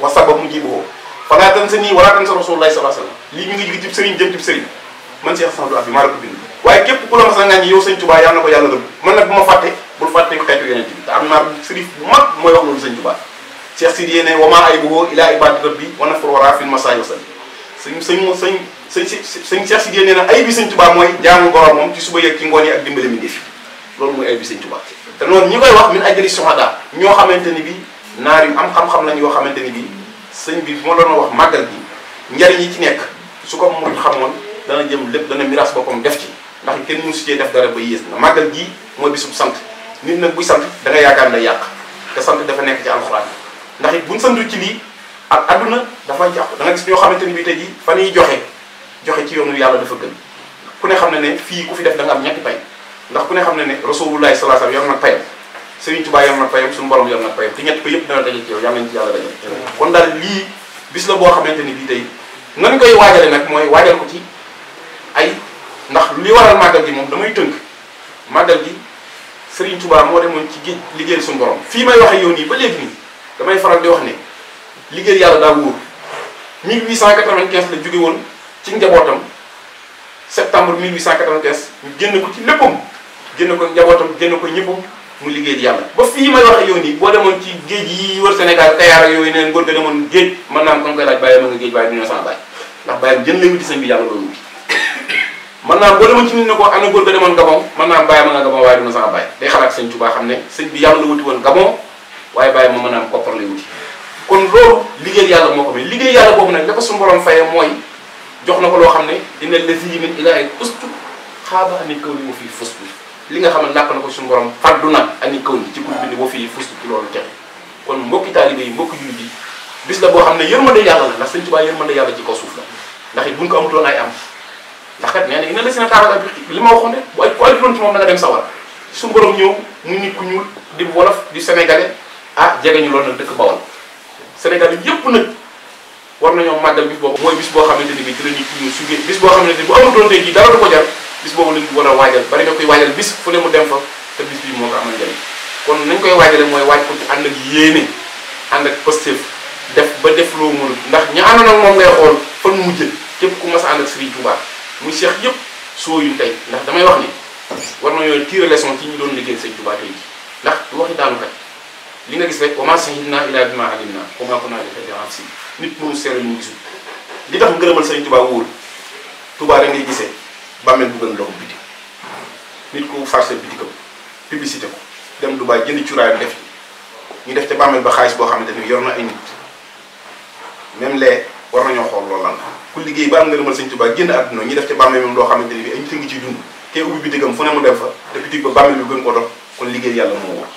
wa saba mujibuhu sa nii walaa tan sa rasulullahi sallallahu alayhi wasallam lii maa la ko bind waaye képp ku la mas a ngàññi yow sëñ Tuubaa yal na ko yàlla rëbb man nag bu ma fàtte bul fàtte xeetu yeneen mooy wax loolu sëñ Tuubaa cheikh si yéene wa ay bugoo ilaa ibadi rabbi wa nafr wara fil masaa sëñ si sëñ Cheikh Sidiye na ay bi sëñ Tuubaa mooy jaamu borom moom ci suba yeeg ci ngoon yi ak dimbale mi def loolu mooy ay bi sëñ Tuubaa te noonu ñi koy wax min ajali sohada ñoo xamante ni bi naar yu am xam-xam lañ yoo xamante ni bi sëñ bi bu ma doon wax màggal gi njariñ yi ci nekk su ko murid xamoon dana jëm lépp dana miraas boppam def ci ndax kenn mënu si cee def dara ba yées na màggal gii mooy bisub sant nit nag buy sant danga yaakaar day yàq te sant dafa nekk ci alxuraan ndax it buñ santu ci lii ak adduna dafa jàpp da gis ñoo xamante ni bi tey ji fan yi joxe joxe ci yoonu yàlla dafa gën ku ne xam ne ne fii ku fi def da am ñetti pay ndax ku ne xam ne ne rasulullah sallallahu alayhi wasallam na payam Sëriñ Tuubaa yor na payam suñu borom yor na payam te ñett ko yëpp dana daje ci kon daal lii bis boo xamante ni bii tey nañ koy waajale nag mooy waajal ko ci ay ndax li waral màggal gi moom damay tënk màggal gi Sëriñ tubaa moo demoon ci géej liggéey suñu borom fii may waxe yow nii ba léegi nii damay faral di wax ne liggéey yàlla daa wóor 1895 la jóge woon ci njabootam septembre 1895 ñu génn ko ci léppam génn ko njabootam génn ko ñëppam mu liggéey di yàlla ba fii may wax ak boo demoon ci géej yi wër Sénégal Kayaar ak yooyu neen góor ga demoon géej naa am comme que laaj bàyyi ma nga géej waaye du ñoo sama bàyyi ndax bàyyam jën lay wuti sëñ bi yàlla loolu wuti mën ko am na góor ga demoon Gabon mën naa am bàyyi xam ne sëñ bi yàlla la wuti woon Gabon waaye bàyyi ma mën naa am koppar lay kon liggéey yàlla moo ko liggéey yàlla boobu nag la ko suñu borom mooy jox na ko loo xam ne dina lesi min ilaahi ustu li nga xam ne nàkk na ko suñu borom faddu na ani kaw ni ci groupe bi ni wa fii fustu ci loolu texe kon mbokki taalibe yi mbokki jullit yi bis la boo xam ne yërmande yàlla la ndax sëñ Tuubaa yërmande yàlla ci kaw suuf la ndax it buñ ko amutoon ay am ndax kat nee na ina la si na taaral ak li ma waxoon de bu ay ku ajutoon ci moom da nga dem sawar suñu ñëw mu nit ku ñuul di wolof di sénégalais ah jege ñu loolu nag dëkk bawol sénégalais yépp war nañoo màggal bis boobu mooy bis boo xamante ni bi ci la ñuy tuñu suge bis boo xamante ni bu amatoon tey jii dara du ko jar bis boobu lañ war a waajal bari nga koy waajal bis fu ne mu dem fa te bis bi moo ko amal njëriñ kon nañ koy waajale mooy waaj ko ci ànd ak yéene ànd def ba def loo mënul ndax ñu àndoon ak moom ngay xool fan mujj képp ku mas a ànd ak Serigne Touba muy Cheikh yëpp soo yu tey ndax damay wax ni war nañoo tirer leçon ci ñu doon liggéey Serigne Touba tey jii ndax du waxi daanukat li nga gis rek wa maa shahidnaa illaa bimaa alimnaa wa maa kunnaa mukhbiriin nit mënu seere mu gisul li tax ngërëmal sëriñ Tuubaa wóor Tuubaa rek ngay gisee bàmmeel bu gën dox biti nit ku farse biti ko publicité ko dem Dubaay jënd cuuraay def ñu def ca bàmmeel ba xaalis boo xamante ni yor na ay nit même les war nañoo xool loolu lan ku liggéey ba am ngërëmal sëriñ Tuubaa génn àdduna ñu def ca bàmmeel moom loo ne ni bi ay nit a ngi ciy dund te ubbi bitigam fu ne mu dem fa te ba bàmmeel bi gën ko dox kon liggéey yàlla moo wóor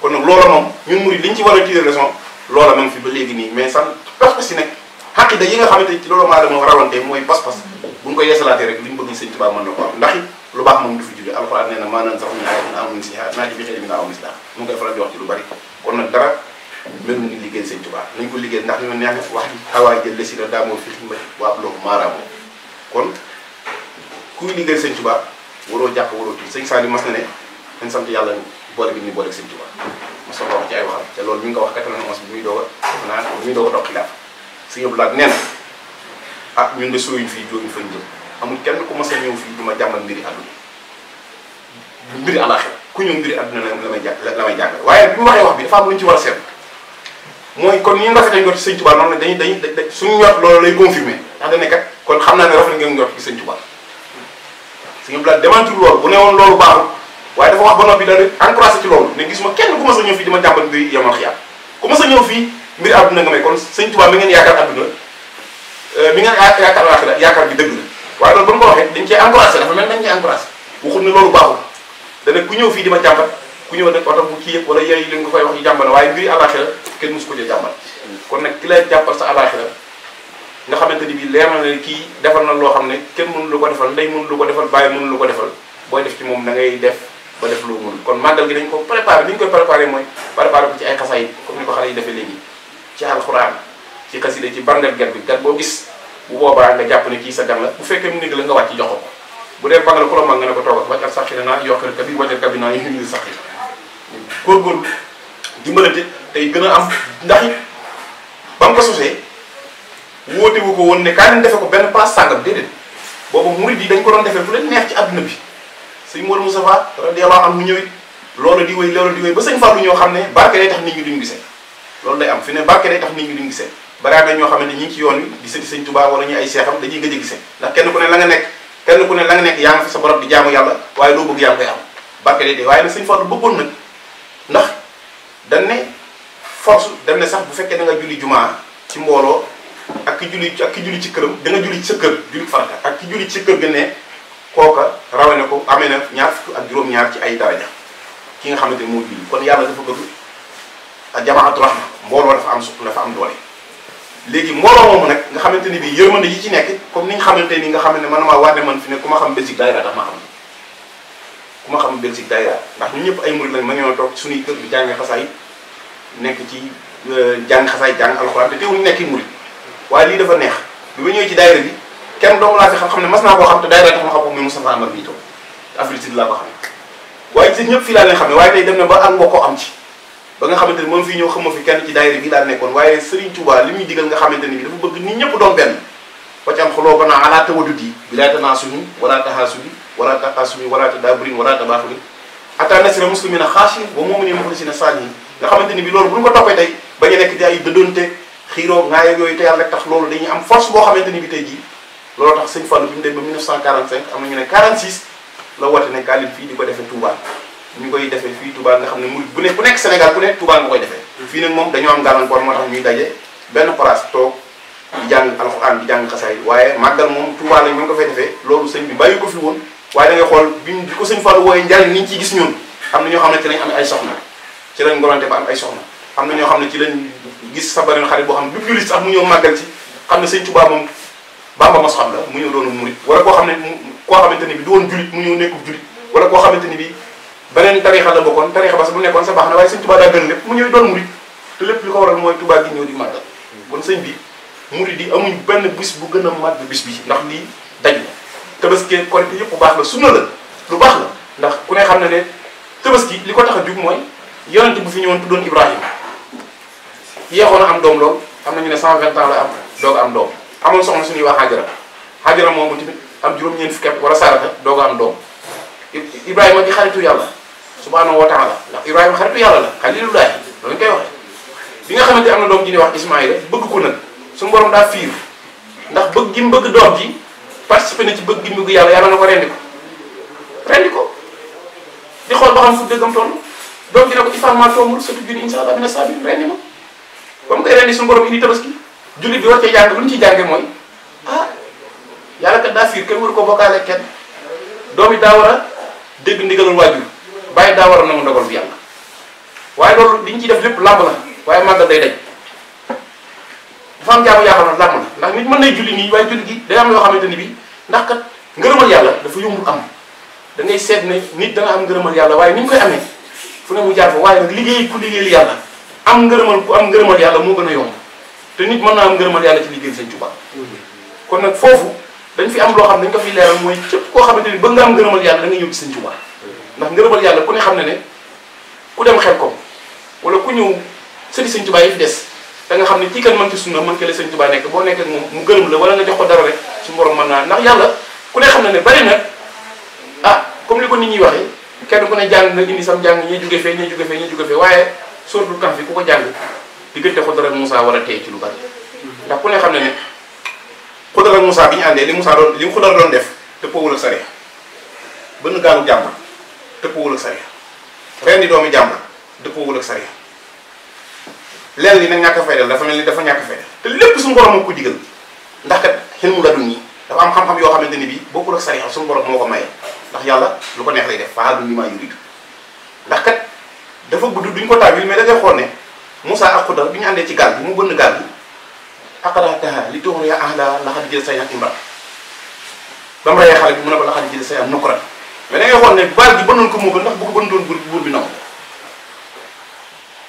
kon nag loola moom ñun murid li ñu ci war a tirer leçon loola ma ngi pas-pas yi nag xaqida yi nga xamante ni ci loolu maa la moo mooy pas-pas bu ñu ko yeesalaatee rek li mu bëgg sëñ na ko am ndax baax moom du fi jóge alxuraan nee na maanaan sax min ayatin amun siha naa ji bi xëy mi naa am islam mu ngi koy faral di wax ni liggéey sëñ Tuubaa nañ ko liggéey ndax ñu wax xawaa jël si la daamoo fi ximba waab loobu maaraamu kon kuy liggéey sëñ Tuubaa waroo jàpp waroo tuuti sëñ Saali mas na ne nañ yàlla boole bi ñu boole ak sëñ Tuubaa soo borom ci ay waxam loolu mi nga wax 91 bi muy doog a naa bi muy doog a doog xilaaf sëñ Abdou Lahad nee na ah ñun de suyuñ fii jóoñu fañ jëm amul kenn ku mas a ñëw fii du ma jàmmal mbiri àdduna mbiri àllaaxira ku ñëw mbiri àdduna la may jà la may jàngal waaye bi mu waxee wax bi dafa am lu ñu ci war a seet mooy kon ni ñu rafetee njort ci sëñ Tuubaa noonu dañuy dañuy dañuy suñu njort loolu lay confirmé ndax dañ ne kon xam naa ne rafet ngeen njort ci sëñ Tuubaa sëñ Abdou bu ne woon loolu baaxul waaye dafa wax ba noppi daal di encouragé ci loolu ne gisuma kenn ku ma sa ñëw fii di ma jàmbat mbir yamal xiyaam ku ma sa ñëw fii mbir àdduna nga may ngeen yaakaar àdduna euh, mi ngeen yaakaar bi dëgg la waaye loolu ba mu ko waxee dañ cee encouragé dafa mel dañ cee encouragé waxut ne loolu baaxul dana ku ñëw fii di ma jàmbat ku ñëw nag oto bu kii yëpp wala yooyu li nga fay wax yu jàmbal waaye mbiri àllaaxira kenn mosu ko jël jàmbal kon nag ki lay jàppal nga xamante ni bii leer kii defal na loo xam ne kenn mënu lu ko defal ndey mënu lu ko defal bàyyi mënu lu ko defal booy def ci moom da ngay def ba def loo mën kon màggal gi dañ ko préparé ni ñu koy préparé mooy préparé ko ci ay xasaay comme ni ko xale yi defee léegi ci alxuraan ci xasida ci barndeel gan bi gan boo gis bu boobaa nga jàpp ne kii sa gan la bu fekkee mu néeg la nga wàcc jox ko bu dee bàggal ku la mag nga ne ko toogal wàccal sax xëy na naa yokkal kabi wàccal kabi naa yéen ñu sax yi di dimbalante tey gën a am ndax it ba mu ko sosee wóote ko woon ne kaa leen defe ko benn paas sàngam déedéet boobu murid yi dañ ko doon defee fu leen neex ci àdduna bi sëñ Mor Moustapha radiyallahu am mu it loolu di wéy loolu di wéy ba sëñ Fallou ñoo xam ne barke day tax nit ñi duñ gisee loolu day am fi ne barke day tax nit ñi duñ gisee baraana ñoo xamante ñi ngi ci yoon wi di sëti sëñ Touba wala ñu ay seexam dañuy gëj a gisee ndax kenn ku ne la nga nekk kenn ku ne la nga nekk yaa nga fa sa borom di jaamu yàlla waaye loo bëgg yaa ngi koy am barke day dee waaye nag sëñ Fallou bëggoon nag ndax dañ ne force dañ sax bu fekkee da nga julli jumaa ci mbooloo ak ki julli ak ki ci këram da julli sa kër julli farata ak julli ci sa kër ne kooka rawe na ko amee na ñaar fukk ak juróom-ñaar ci ay daraja ki nga xamante ni moo julli kon yàlla dafa bëgg ak jamaatu rahma mbooloo dafa am suq dafa am doole léegi mbooloo moomu nag nga xamante ni bii yërmande yi ci nekk comme ni nga xamante ni nga xam ne man maa war ne man fi ku ma xam Belgique daayira tax ma xam ku ma xam Belgique daayira ndax ñun ñëpp ay murid lañ ma ngi doon toog suñuy kër bi jàng xasaay nekk ci euh, jàng xasaay jàng alxuraan te teewul nekk murid waaye lii dafa neex bi ma ñëwee ci daayira bi kenn doomu laa fi xam-xam ne mas naa koo xam te day rey tax ma xam ko muy Moustapha Amar bii toog Afrique Sud laa ko xam waaye ci ñëpp fii laa leen xam ne waaye tey dem na ba ak mbokkoo moom fii ñëw xamma fi kenn ci nga xamante bi wa mu'minin muxlisina saalihin nga xamante ni bi loolu bu ñu ko toppee tey bañu nekk di ay dëddoonte xiiroo ngaayeg yooyu te yàlla tax loolu dañuy am force boo xamante ni bi tey jii loolu tax sëñ Fallou na ñu ne 46 la woote ne kaalim fii di waaye màggal moom Touba la ñu ko fay defee ko fi woon waaye da ngay xool bi bi wooyee njariñ ni ñu gis ñun am na ñoo xam ne ci lañ am ay soxna ci lañ ngolante ba am ay soxna am na ñoo xam ne ci lañ gis sa beneen xarit boo xam ne bépp jullit mu ñëw màggal ci xam ne sëñ Touba Bamba mas xam la mu ñëw doonu murit wala koo xam ne koo xamante ni bi du woon julit mu ñëw nekkul julit wala koo xamante ni bi beneen tarixa la bokkoon tarixa bas bu nekkoon sa baax na waaye sëñ Tuubaa li ko waral mooy Tuubaa gi di bi murit yi amuñ benn bis bu gën a màgg bis bi ndax lii daj na tabaski korité yëpp bu baax la sunna la lu baax la ndax ku ne xam ne ne tabaski li ko tax a jug mooy yonente bu fi ñëwoon tuddoon Ibrahima yeexoon am doom lool am nañu ne 120 ans la am doog am amoon soxna suñuy wax Hajara Hajara moomu tamit am juróom-ñeent fukki at wala sarata doog a am doom Ibrahima di xaritu yàlla subhanahu wa taala ndax Ibrahima xaritu yàlla la xalilulaay loolu ñu koy waxee. bi nga xamante am na doom ji ñuy wax Ismaïla bëgg ko nag suñu borom daa fiir ndax bëgg gi mu bëgg doom ji ci bëgg gi mu yàlla yàlla na ko rendi ko di xool ba xam fu dëggam toll doom ji ne ko ci farma tombul surtout junni incha allah dina saa bi rendi ma ba mu koy rendi suñu borom indi tabaski jullit bi war cee jàng lu ñu ciy jànge mooy ah yàlla kat daa fiir kenn waru ko bokkaale kenn doom yi daa war a dégg ndigalul waajur bàyyi daa war a nangu ndogal bi yàlla ciy def lépp làmb waaye màggal day daj dafa am jaamu yaakaar na làmb la ndax nit mën nay julli nii waaye julli gi day am yoo xamante ni bi ndax kat ngërëmal yàlla dafa yombul am da seet ne nit dana am ngërëmal yàlla waaye ni ñu koy amee fu ne mu jaar fa waaye liggéey ku liggéeyal yàlla am ngërëmal ku am ngërëmal yàlla moo gën a te nit mën naa am ngërëmal yàlla ci liggéey sëñ Tuubaa kon nag foofu dañ fi am loo xam dañ ko fi leeral mooy képp koo xamante ni bëgg nga am ngërëmal yàlla da nga ñëw ci sëñ Tuubaa ndax ngërëmal yàlla ku ne xam ne ne dem xel ko wala ku ñëw sëti sëñ Tuubaa des da nga xam ne kii kan mën ci sunna mën ke la sëñ Tuubaa nekk boo nekk ak moom mu gërëm la wala nga jox ko dara rek naa ndax yàlla ku ne xam ne ne bari na ah comme li ko nit ñuy waxee kenn ku ne jàng na indi sam jàng ñuy jóge fee ñuy jóge fee ñuy jóge fee waaye sóortul kan ku ko jàng diggante Xodar ak musaa war a tey ci lu bari ndax ku ne xam ne ne Xodar ak Moussa bi ñu àndee li Moussa doon li Xodar doon def tëppoowul ak sare bënn gaalu jàmbur tëppoowul ak sare ren di doomi jàmbur dëppoowul ak sare leen li nag ñàkk a fay mel ni dafa ñàkk a fay dal te lépp suñu borom moo ko digal ndax kat xel mu ladun yi dafa am xam-xam yoo xamante ni bii bokkul ak sariya suñu moo ko maye ndax yàlla lu ko neex lay def faal du ni maa yuridu ndax kat dafa gudd duñ ko taawil mais da ngay xool ne Moussa ak Xudar bi ñu àndee ci gaal bi mu bënn gaal bi aqraataha li tuxriya ahla laxad jël say ak imra ba mu reyee xale bi mu ne ko laxad jël say ak nukuran mais xool ne baal gi ko moo gën ndax bu ko bënnoon bi nangu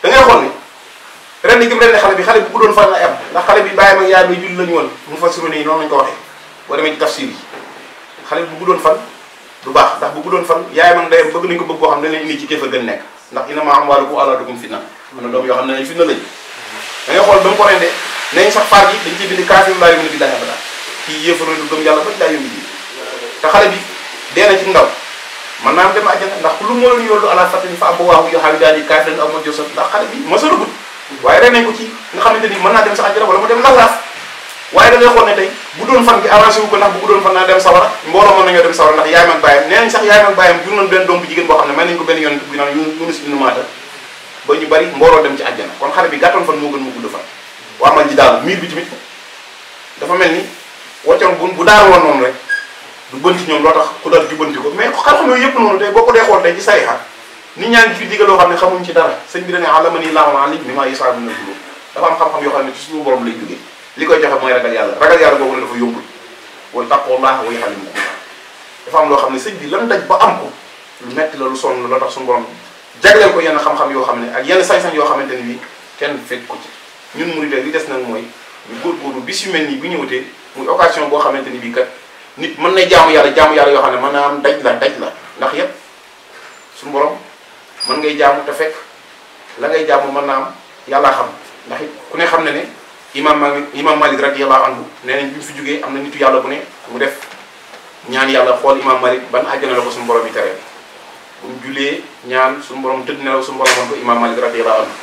da ne ren gi xale bi xale bi bu doon faral ay am ndax xale bi bàyyam ma yaay may julli lañu woon mu fa sirone yi noonu lañu ko waxee a demee ci tafsir yi xale bi bu doon fan du baax ndax bu doon fan yaay man ndeyam bëgg nañu ko bëgg koo xam ne dañ leen indi ci kéefar gën nekk ndax innamaa amwaalukum wa awlaadukum fitna am na doom yoo xam ne ay ko rendee nañ sax faar dañ ciy bind kaafir laa yu'minu billaahi abadan ba laa yu'minu bi bi dee na ci ndaw mën naa dem àjjana ndax ku lu moo leen yollu ala fatin fa abawaahu yuhaawidaanihi kaafiran aw majoosan ndax bi masalagut waaye ko ci nga xamante ni mën naa dem sa àjjana wala mu dem laxlaas waaye da xool ne tey bu doon fan gi avancé wu ko ndax bu bu doon fan naa dem sawara mbooloo mën nañoo dem sawara ndax yaay mag bàyyam nee nañ sax yaay mag bàyyam jur nañ benn doom bu jigéen boo xam ne may nañ ko benn yonent bi naan Yunus ibn Matta ba ñu bari mbooroo dem ci àjjana kon xale bi gàttoon fan moo gën mu gudd fan waa man ji daal miir bi tamit dafa mel ni woccoon bu bu daar woon noonu rek du bënti ñoom loo tax ku dal jubbanti ko mais xam-xam yëpp noonu tey dee xool tey ci sariha nit ñaa ngi fi digal loo xam ne xamuñ ci dara sëñ bi dane alamani laahu alim bi maa na dulóo dafa am xam-xam yoo xam ne ci suñu borom lay jógee li koy joxe mooy ragal yàlla ragal yàlla boobu ne dafa yombul wala taqwallah wa yaxalimukum dafa am loo xam ne sëñ bi lan daj ba am ko lu metti la lu sonn loo tax suñu borom jagleel ko yenn xam-xam yoo xam ne ak yenn sañ-sañ yoo xamante ne bii kenn fekk ko ci ñun murid li des nag mooy ñu góorgóorlu bi yu mel nii ñu wutee muy occasion boo xamante ni bii kat nit mën na jaamu yàlla jaamu yàlla yoo xam ne mën naa am daj la daj la ndax yépp suñu borom mën ngay jaamu te fekk la ngay jaamu mën naa am yàllaa xam ndax it ku ne xam ne ne imam Malik imam Malik rek anhu nee nañ bi mu fi jógee am na nitu yàlla bu ne mu def ñaan yàlla xool imam Malik ban àjjana la ko su borom yi teree bu mu julee ñaan suñu borom tëdd nelaw suñu borom woon ko imam malik radiyallahu anhu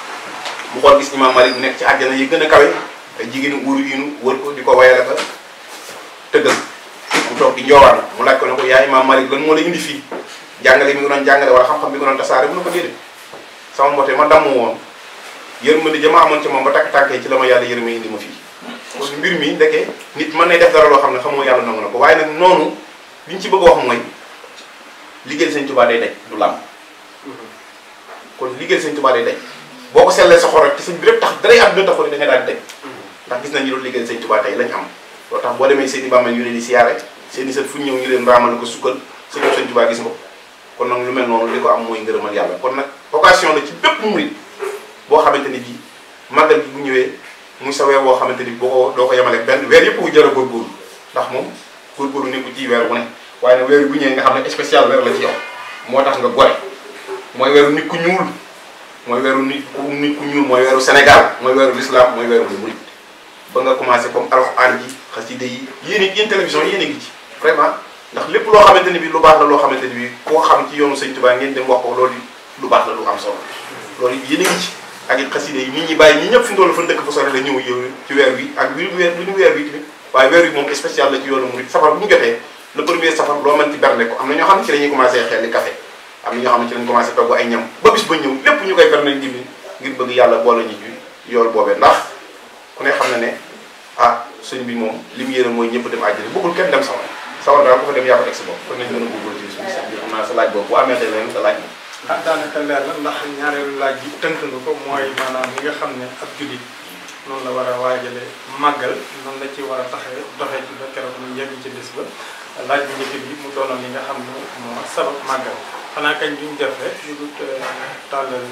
mu xool gis imam malik nekk ci àjjana yi gën a kawe ay jigéenu ko di ko wayale ka tëggal mu toog di njoowaan mu laaj ko ne ko yaa imam malik lan indi fii jàngale mi ngi doon jàngale wala xam-xam mi ngi doon tasaare mu ne ko déedéet sama ma damm woon yërmande ci moom ba takk tànkee ci la ma yàlla yërmee mi ndeke nit man nay def dara loo xam ne xamoo yàlla nangu na ko waaye nag noonu liñ ci bëgg wax mooy liggéey sëñ Tuubaa day daj du làmb mhm. kon liggéey sëñ Tuubaa day daj boo ko sellee sa xol rek te sëñ bi rek tax daray am dina taxaw ni da nga daal di daj mhm. ndax gis nañ ñu doon liggéey sëñ Tuubaa tey lañ am loolu tax boo demee seen i bàmmeel yu leen di siyaare seen i sët fu ñëw ñu leen raamal ko sukkal sëñ sëñ Tuubaa gis nga ko kon nag lu mel noonu li ko am mooy ngërëmal yàlla kon nag occasion la ci bépp murit boo xamante ni bii màggal bi bu ñëwee muy sa weer woo xamante ni boo ko doo ko yemale benn weer yëpp ko jëra góorgóorlu ndax moom góorgóorlu nekkul ci weer wu waaye nag weer bu ñëwee nga xam ne spécial weer la ci yow moo tax nga gore mooy weeru nit ku ñuul mooy weeru nit ku nit ku mooy weeru Sénégal mooy weeru l'islam mooy weeru murit ba nga commencé comme alxuraan ji xasida yi yéen yi yéen télévision yi a ngi ci vraiment ndax lépp loo xamante ni bi lu loo xamante ni bi koo xam ci yoonu sëñ Tuubaa ngeen dem wax ko loolu lu baax la am solo loolu yéen a ngi ci ak it xasida yi nit ñi bàyyi ñi ñëpp fi ndoolu fa dëkk fa la ñëw yow ci weer wi ak lu weer lu ñu weer wi tamit waaye weer wi moom spécial la ci yoonu murit safar bu ñu jotee le premier safar loo mën ci berne ko am na ñoo xam ne ci la ñuy commencé xeeli am na ñoo xam ne ci lañ commencé togg ay ñam yàlla boole ñu ci yool ndax ku ne xam na ne ah suñ bi moom li mu mooy ñëpp dem àjjana bëggul kenn dem sawar sawar daal ko fa dem yaa ko teg si xam naa sa laaj boobu bu amee tey laaj moom ah daanaka leer la mooy maanaam li nga xam ne ab jullit noonu la war a waajale màggal noonu la ci war a taxee doxee ci ba keroog mu yegg ci bés ba laaj bu njëkk bi mu doonoon li nga xam ne moo sabab màggal xanaa kañ duñ def rek lu dul euh, tàllal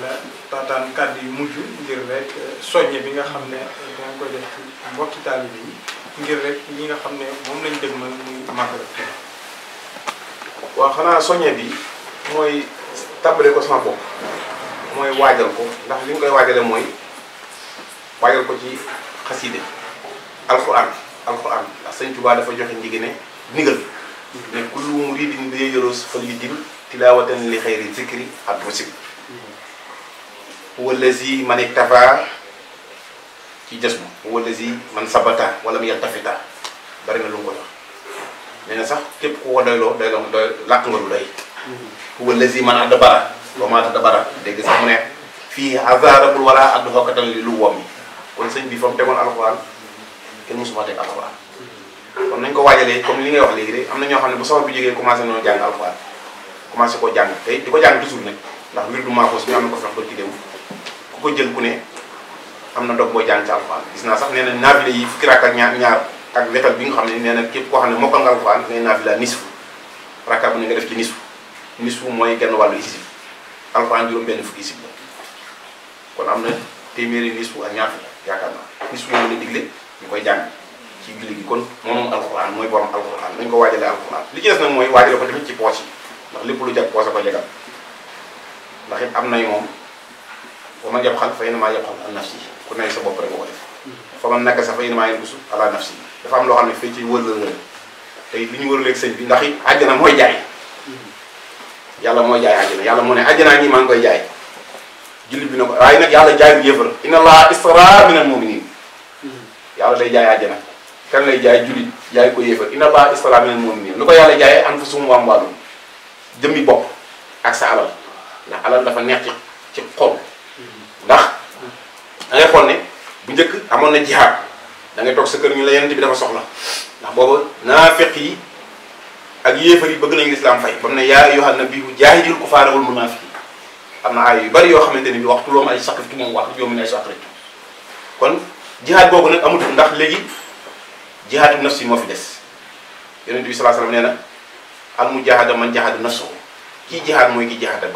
taataan kàddu yu mujj ngir rek euh, soññe bi nga xam ne dina ko def ci nga xam ne moom lañ dëgmal muy màggal waaw xanaa soññe bi mooy tàmbale ko sama bopp mooy waajal ko ndax li ñu koy waajale mooy waajal ko ci xasiide alxuraan alxuraan ndax sëñ Tuubaa dafa joxe njigi ndigal ne kullu muridin bi yaros fal yu dib tilawatan li xayri zikri ak rusib wallazi man iktafa ci jasmu wallazi man sabata wala mu yaltafita bari na lu mu ko jox nee na sax képp ku ko mu ne fii azarabul wala addu xokkatan li lu wom yi kon sëñ bi fa mu tegoon alxuraan kenn mësuma teg alxuraan kon nañ ko waaye léegi comme li ngay wax léegi de am na ñoo xam ne bu safar bi jógee commencé nañoo jàng alxuraan commencé koo jàng ko jàng toujours nag am na ko sax ba ci déwu ku jël ku ne am na dog boo jàng ci alxuraan gis naa sax nee na naafila ak ñaar bi nga xam ne nee na képp xam ne mokkal nga alxuraan ngay naafila nisfu rakka bu ne nga def ci nisfu nisfu mooy genn wàllu isib alxuraan benn fukki isib la kon am na téeméeri nisfu ak ñaar fukk yaakaar naa nisfu moom la digle ñu koy jàng ci julli gi kon moom alxuraan mooy borom alxuraan nañ ko waajalee alxuraan li ci nag mooy waajale ko tamit ci poos yi ndax lépp lu jag poos a koy it am nay moom wa man yabxal fa innamaa yabxal an nafsi ku sa bopp def fa man nakasa fa innamaa yankusu ala am loo xam ne fii ci wër la te li ñu wëraleeg sëñ bi ndax it àjjana mooy jaay yàlla mooy jaay àjjana yàlla moo ne àjjanaa ngi maa ngi koy jaay jullit bi na ko waaye nag yàlla jaay bu yëfër inna allaha istara min al muminin yàlla day jaay àjjana kan lay jaay jullit jaay ko yéefar ina ba islaam leen moom nii lu ko yàlla jaayee an fa sumu waam wàllum jëmmi bopp sa alal dafa neex ci ci ndax da ngay xool bu njëkk amoon na jihaad da ngay sa kër la yonent bi dafa soxla ndax boobu naafiq yi ak yéefar yi bëgg nañu lislaam fay ba mu ne yaa ayyuhan nabiyyu jaahidil kuffaara wal munaafiqiin am na ay yu bari yoo xamante ni bi waxtu loo ay saqif tu moom wax yow mi ay saqif kon jihaad boobu nag amatul ndax léegi jihaadu si moo fi des yonent bi salaa salaam nee na al mujaahada man jaahada nafsahu kii jihaad mooy ki jihaad ak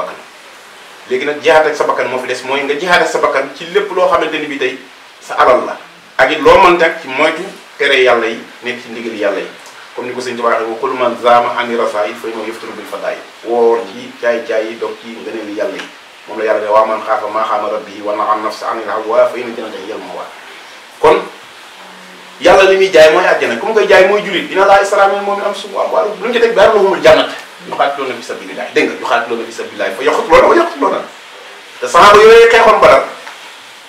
léegi nag jihaad ak sa bakkan moo fi des mooy nga jihaad ak sa bakkan ci lépp loo xamante ni bi tey sa alal la ak it loo man teg ci moytu tere yàlla yi nekk ci ndigal yàlla yi comme ni ko sëñ Tuubaa waxee wa kullu man zaama ani rasaa'il fa innahu yaftaru bil fadaa'il woor ci caay-caay yi donc ci ngëneelu yàlla yi moom la yàlla ne waa man xaafa maa wa na'a nafsa anil hawaa fa inna yàlla li muy jaay mooy àjjana ku mu koy jaay mooy julit dina laa israamil moom am sumu am wàllu lu ñu ci teg dara lahumul jannat yuqaatiluuna fi sabilillahi dégg nga yuqaatiluuna fi sabilillahi fa yaqtuluuna wa yaqtuluuna te saxaaba yooyu xeexoon Badar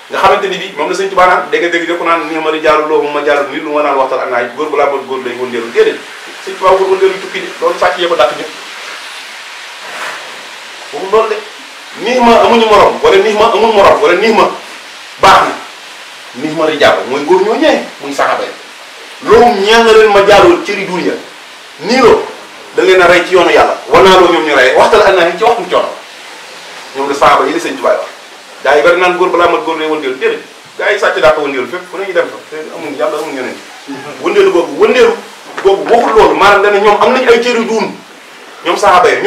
nga xamante ni bi moom la sëñ Tuubaa naan dégg nga dégg deko naan ni ma di jaalu loomu ma jaalu nit lu ma naan waxtaan ak naa góor bu laa bëgg góor lay wëndeelu déedéet sëñ Tuubaa góor wëndeelu tukki de loolu sàcc yee ko dàq ñëpp waxul loolu de nii ma amuñu morom wala nii ma amul morom wala nii ma baax na mis ma di jàpp mooy góor ñoo ñee muy saxaaba yi loolu ñaa nga leen ma jaaloo cëri dunya nii loo da leen a rey ci yoonu yàlla wanaa loo ñoom ñu rey waxtal an naa ci waxtu coono ñoom la saxaaba yi la sëñ Tuubaa wax gaa yi naan góor balaa mat góor lay wëndeel déedéet gaa yi sàcc daa ko wëndeelu fépp fu ne ñu dem fa te amul yàlla amul ñeneen wëndeelu boobu wëndeelu boobu waxul loolu maanaam dana ñoom am nañu ay cëri duun ñoom nga xamante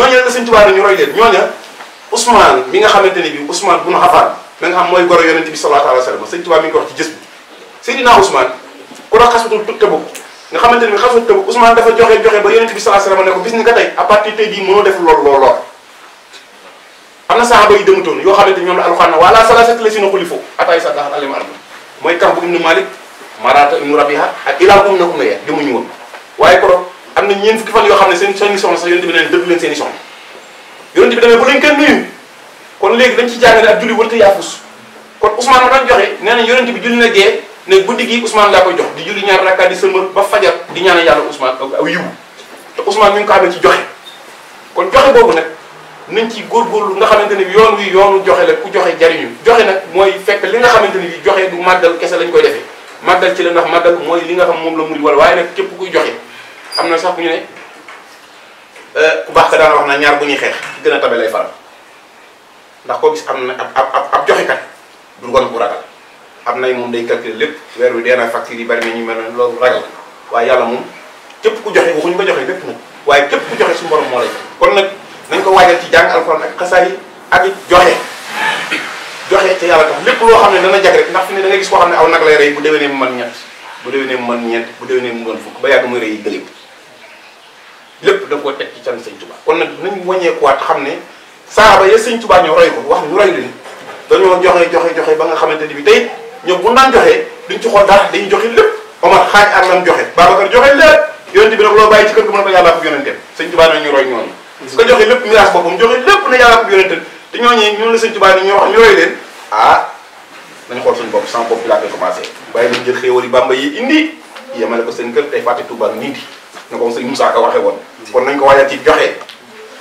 ne bi Ousmane bu nu Affan la nga xam mooy goro yonent bi sallallahu alayhi wa sallam sëñ Tuubaa mi ngi ci gis bi Seydina Ousmane ku la xaswatul Tabuk nga xamante ni xaswatul Tabuk Ousmane dafa joxe joxe ba yonent bi sallallahu alayhi wa sallam ne ko bis ni na saxaaba yi demutoon yoo xamante la alxuraan wala salasat la si na na um na waaye koro am na ñeen fukki fan yoo xam ne seen seen soxna sax yonent bi ne leen leen seen i soxna yonent bi demee bu leen kenn nuyu kon léegi dañ ci jàngale ak julli wërta yaafus kon Ousmane ma doon joxe nee na yonent bi julli na gee ne guddi gi Ousmane laa koy jox di julli ñaar rakkaat di sëlmal ba fajar di ñaanal yàlla Ousmane aw yiw te Ousmane ñu ngi ko xam ne ci joxe kon joxe boobu nag nañ ci lu nga xamante ne bi yoon wi yoonu joxe la ku joxe jariñu joxe nag mooy fekk li nga xamante ne bi joxe du màggal kese lañ koy defee màggal ci la ndax màggal mooy li nga xam moom la muri wala waaye nag képp joxe am na sax bu ñu ne euh, ku baax daan wax na ñaar bu ñuy xeex gën a lay faral ndax koo gis am na ab ab ab joxekat du ngoon bu ragal am nay moom day calculer lépp weer wi dee naa yi bari na ñu mel ne loolu ragal waaye yàlla moom képp ku joxe waxuñu ko joxe lépp nag waaye képp ku joxe su borom moo lay kon nag ko waajal ci jàng alxuraan ak xasaay yi ak it joxe joxe ca lépp loo xam ne dana jag rek ndax ne da ngay gis koo xam ne aw nag lay rey bu déwénee mu man ñett bu dee mu mën ñeent bu déwénee mu mën fukk ba yàgg muy rey yi gëléem lépp da koo teg ci can sëñ Tuubaa kon nag nañ waat xam ne saaba ya sëñ Tuubaa ñoo roy ko wax ñu roy leen dañoo joxe joxe joxe ba nga xamante ni bi tey ñoom bu daan joxe duñ ci xool dara joxe lépp Omar xaaj ak lam joxe joxe lépp yonent a yàllaa ko yonenteem sëñ Tuubaa ñu roy joxe lépp miraas boppam joxe lépp na yàllaa ko yonenteem te ñooñu ñun la sëñ Tuubaa ñu wax ñu roy leen ah nañu xool suñu bopp sans bopp bi laa koy commencé bàyyi nañ jël xéewal yi Bàmba yi indi yemale ko seen kër tey fàtte Tuubaa nindi na ko sëñ Musaa Ka waxe woon kon nañ ko waajal ci joxe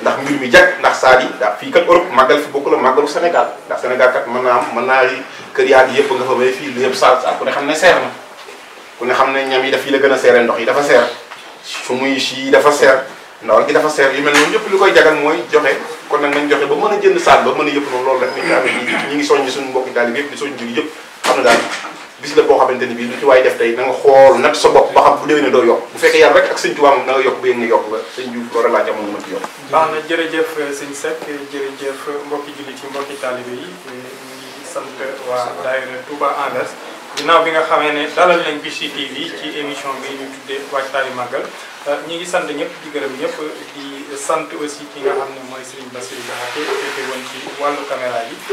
ndax mbir mi jag ndax saal yi ndax fii kat Europe màggal fi bokk la màggalu Sénégal ndax Sénégal kat mën naa am man naa kër yaa ngi yëpp nga fa may fii lu yëpp saal saal ku ne xam ne seer na ku ne xam ne ñam yi daf yi la gën a seere ndox yi dafa seer su muy si dafa seer ndawal gi dafa seer yu mel noonu yëpp li koy jagal mooy joxe kon nag nañ joxe ba mën a jënd saal ba mën a yëpp noonu loolu rek ni daal ngi soññ suñu mbokki daal yëpp di soññ ji yëpp xam ne daal bis la boo xamante ni bii lu ci waay def tey na nga xool nag sa ba xam bu déwénee doo yokk bu fekkee yàlla rek ak sëñ Tuubaa na nga yokk ba yéen nga yokk ba sëñ Diouf loolu laa jamono mën ci yokk baax na jërëjëf eh, sëñ Seck eh, jërëjëf eh, mbokki jullit yi mbokki taalibe yi ngi sant waa daayira Touba Anvers ginnaaw bi nga ci émission bi ñu tuddee waajtaayu màggal ñu ngi sant ñëpp di gërëm ñëpp di sant aussi ki nga xam ne mooy seen Bassirou Diakhaté féete woon ci wàllu caméra yi